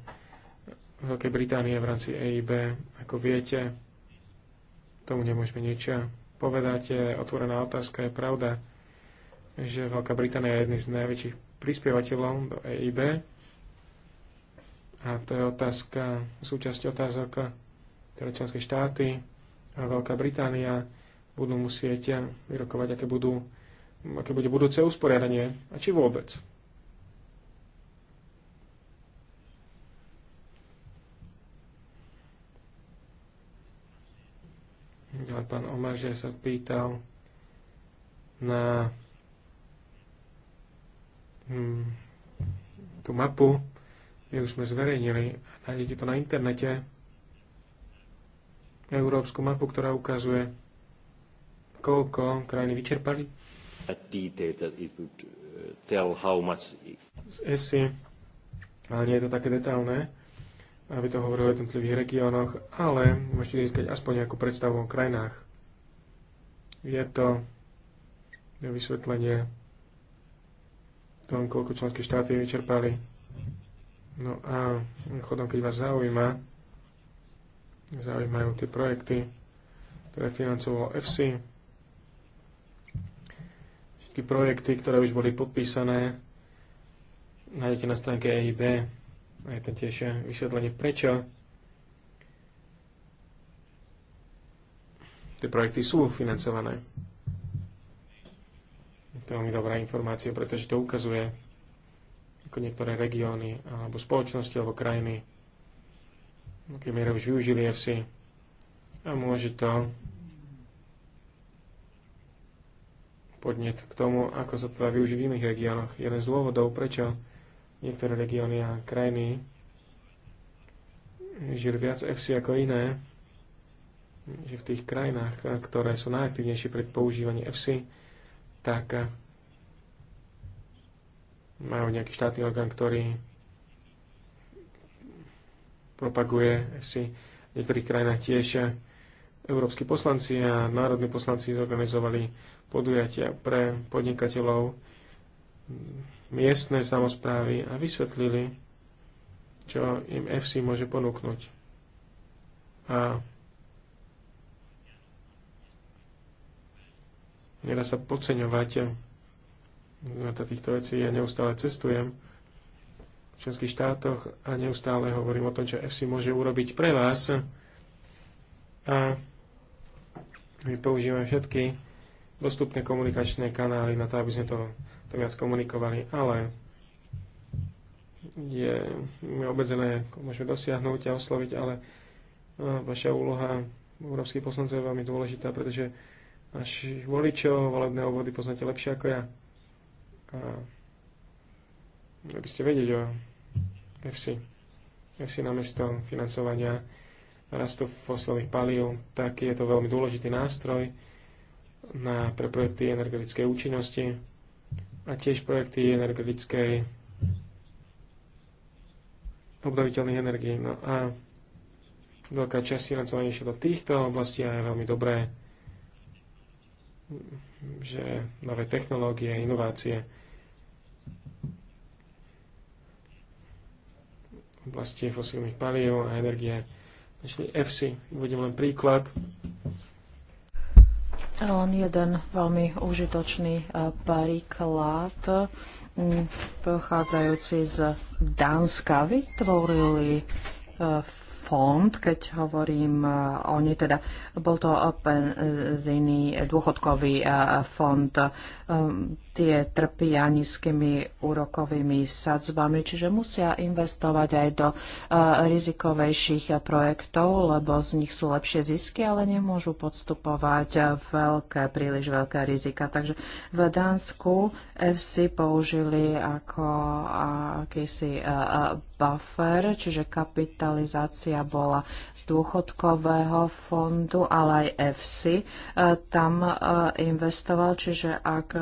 Veľkej Británie v rámci EIB, ako viete, tomu nemôžeme niečo povedať, otvorená otázka je pravda, že Veľká Británia je jedným z najväčších prispievateľov do EIB. A to je otázka, súčasť otázok, ktoré členské štáty a Veľká Británia budú musieť vyrokovať, aké, budú, aké bude budúce usporiadanie a či vôbec. napríklad pán Omaže sa pýtal na hm, tú mapu, my už sme zverejnili, nájdete to na internete, európsku mapu, ktorá ukazuje, koľko krajiny vyčerpali. Uh, Z FC, ale nie je to také detailné aby to hovorilo o jednotlivých regiónoch, ale môžete získať aspoň nejakú predstavu o krajinách. Je to vysvetlenie tom, koľko členské štáty vyčerpali. No a chodom, keď vás zaujíma, zaujímajú tie projekty, ktoré financovalo FC, všetky projekty, ktoré už boli podpísané, nájdete na stránke EIB je to tiež vysvetlenie, prečo tie projekty sú financované. To je veľmi dobrá informácia, pretože to ukazuje, ako niektoré regióny, alebo spoločnosti, alebo krajiny, keď mieru už využili FC, a môže to podnet k tomu, ako sa to dá využiť v iných regiónoch. Jeden z dôvodov, prečo Niektoré regióny a krajiny žili viac FC ako iné, že v tých krajinách, ktoré sú najaktívnejšie pri používaní FC, tak majú nejaký štátny orgán, ktorý propaguje FC. V niektorých krajinách tiež európsky poslanci a národní poslanci zorganizovali podujatia pre podnikateľov miestne samozprávy a vysvetlili, čo im FC môže ponúknuť. A nedá sa podceňovať eh, na týchto vecí. Ja neustále cestujem v členských štátoch a neustále hovorím o tom, čo FC môže urobiť pre vás. A my používame všetky dostupné komunikačné kanály na to, aby sme to to viac komunikovali, ale je obmedzené, ako môžeme dosiahnuť a osloviť, ale vaša úloha európskych poslancov je veľmi dôležitá, pretože našich voličov, volebné obvody poznáte lepšie ako ja. A by ste vedieť o FC. FC namiesto financovania rastu fosilných palív, tak je to veľmi dôležitý nástroj na, pre projekty energetickej účinnosti, a tiež projekty energetickej obnoviteľných energií. No a veľká časť financovania do týchto oblastí a je veľmi dobré, že nové technológie, inovácie v oblasti fosílnych palív a energie, našli EFSI, uvediem len príklad, len jeden veľmi užitočný príklad e, pochádzajúci z Dánska vytvorili e, fond, keď hovorím e, o nej, teda bol to penzíny e, dôchodkový e, fond. Tie trpia nízkymi úrokovými sadzbami, čiže musia investovať aj do rizikovejších projektov, lebo z nich sú lepšie zisky, ale nemôžu podstupovať veľké, príliš veľké rizika. Takže v Dánsku FC použili ako akýsi buffer, čiže kapitalizácia diskusia bola z dôchodkového fondu, ale aj FC e, tam e, investoval, čiže ak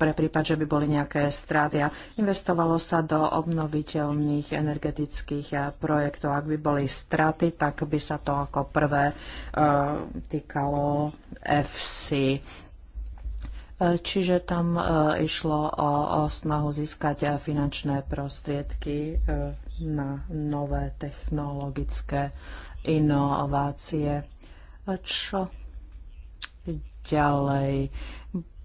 pre prípad, že by boli nejaké straty. A investovalo sa do obnoviteľných energetických e, projektov. Ak by boli straty, tak by sa to ako prvé e, týkalo FC. Čiže tam e, išlo o, o snahu získať finančné prostriedky E, na nové technologické inovácie. Čo ďalej?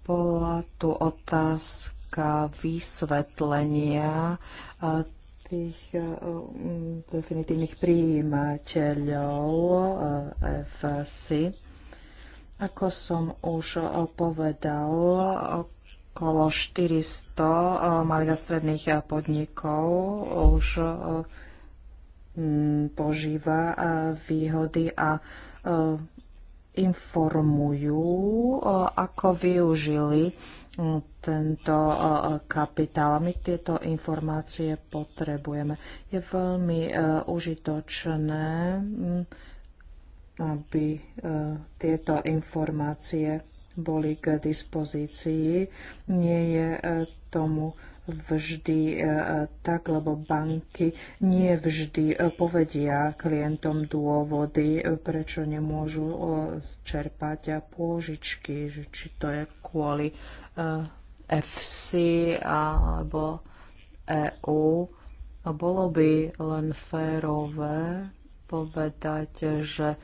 Bola tu otázka vysvetlenia tých e, mm, definitívnych príjimateľov e, FSI. Ako som už e, povedal, okolo 400 eh, malých a stredných eh, podnikov už eh, požíva výhody a informujú, ako využili mm, tento kapitál. My tieto informácie potrebujeme. Je veľmi užitočné, mm, aby tieto informácie boli k dispozícii. Nie je e, tomu vždy e, e, tak, lebo banky nie vždy povedia klientom dôvody, prečo nemôžu čerpať pôžičky, či to je kvôli FC alebo EU. Bolo by len férové, povedať, že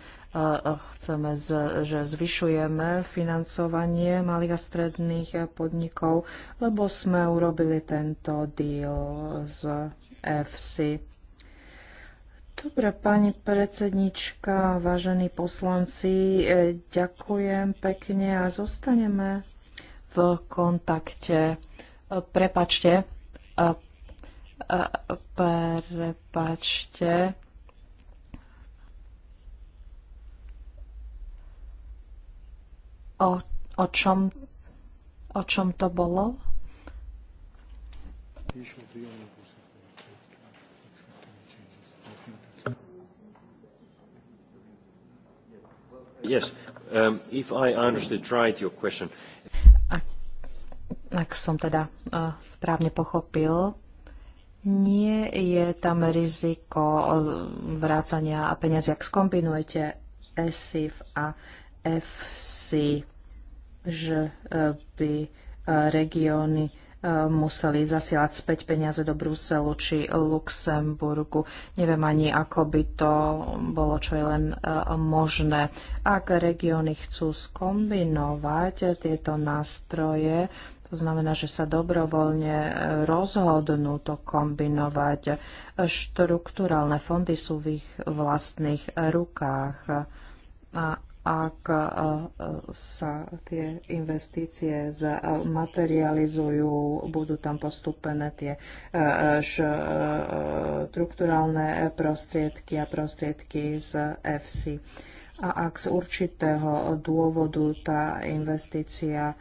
chceme, že zvyšujeme financovanie malých a stredných podnikov, lebo sme urobili tento deal z FC. Dobre, pani predsednička, vážení poslanci, e, ďakujem pekne a zostaneme v kontakte. E, prepačte, e, prepačte o, o, čom, o čom to bolo? Yes, um, if I understood right your question. Ak, ak som teda uh, správne pochopil, nie je tam riziko uh, vrácania a peniazy, ak skombinujete ESIF a FC že e, by e, regióny e, museli zasielať späť peniaze do Bruselu či Luxemburgu. Neviem ani, ako by to bolo, čo je len možné. Ak regióny chcú skombinovať tieto nástroje, to znamená, že sa dobrovoľne rozhodnú to kombinovať. Štruktúralne fondy sú v ich vlastných rukách. A ak e, e, sa tie investície materializujú, budú tam postupené tie e, štrukturálne prostriedky a prostriedky z FC. A ak z určitého dôvodu tá investícia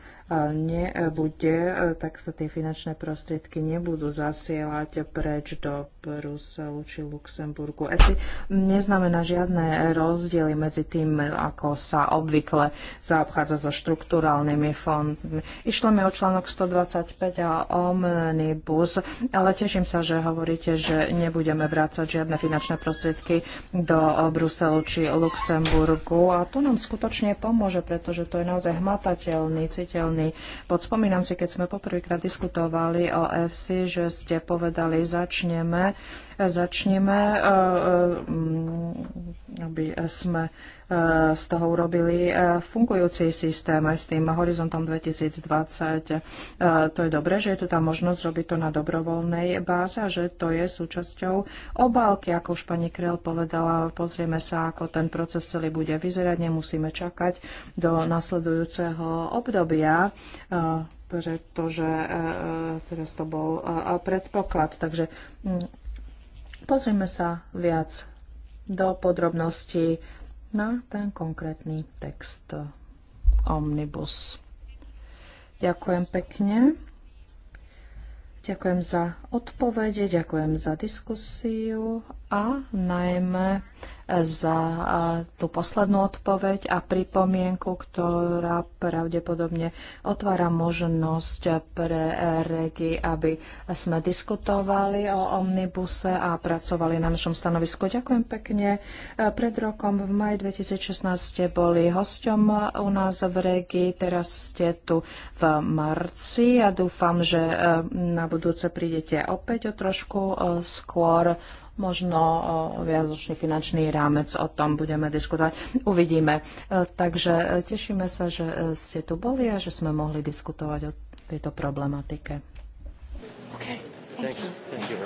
nebude, tak sa tie finančné prostriedky nebudú zasielať preč do Bruselu či Luxemburgu. ETI neznamená žiadne rozdiely medzi tým, ako sa obvykle zaobchádza so štruktúralnými fondmi. Išlo mi o článok 125 a omnibus, ale teším sa, že hovoríte, že nebudeme vrácať žiadne finančné prostriedky do Bruselu či Luxemburgu a to nám skutočne pomôže, pretože to je naozaj hmatateľný, citeľný právny Podspomínam si, keď sme poprvýkrát diskutovali o EFSI, že ste povedali, začneme začneme, e, e, aby sme e, z toho urobili fungujúci systém aj s tým horizontom 2020. To je dobré, že je tu tá možnosť robiť to na dobrovoľnej báze a že to je súčasťou obálky, ako už pani Krel povedala. Pozrieme sa, ako ten proces celý bude vyzerať. Nemusíme čakať do nasledujúceho obdobia pretože teraz to bol predpoklad. Takže Pozrieme sa viac do podrobností na ten konkrétny text Omnibus. Ďakujem pekne. Ďakujem za odpovede, ďakujem za diskusiu a najmä za tú poslednú odpoveď a pripomienku, ktorá pravdepodobne otvára možnosť pre regi, aby sme diskutovali o omnibuse a pracovali na našom stanovisku. Ďakujem pekne. Pred rokom v maji 2016 ste boli hosťom u nás v regi, teraz ste tu v marci a ja dúfam, že na budúce prídete opäť o trošku skôr možno viazočný finančný rámec, o tom budeme diskutovať. Uvidíme. E, takže e, tešíme sa, že e, ste tu boli a že sme mohli diskutovať o tejto problematike. Okay. Thank you.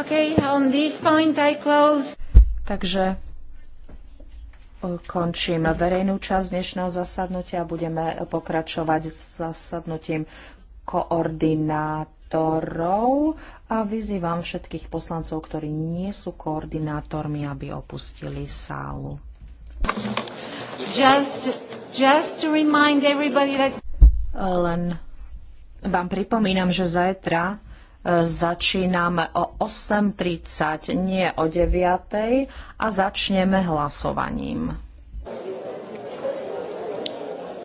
Okay, on this point I close. Takže končím verejnú časť dnešného zasadnutia a budeme pokračovať s zasadnutím koordinátorov koordinátorov a vyzývam všetkých poslancov, ktorí nie sú koordinátormi, aby opustili sálu. Just, just to remind everybody that... Len vám pripomínam, že zajtra e, začíname o 8.30, nie o 9.00 a začneme hlasovaním.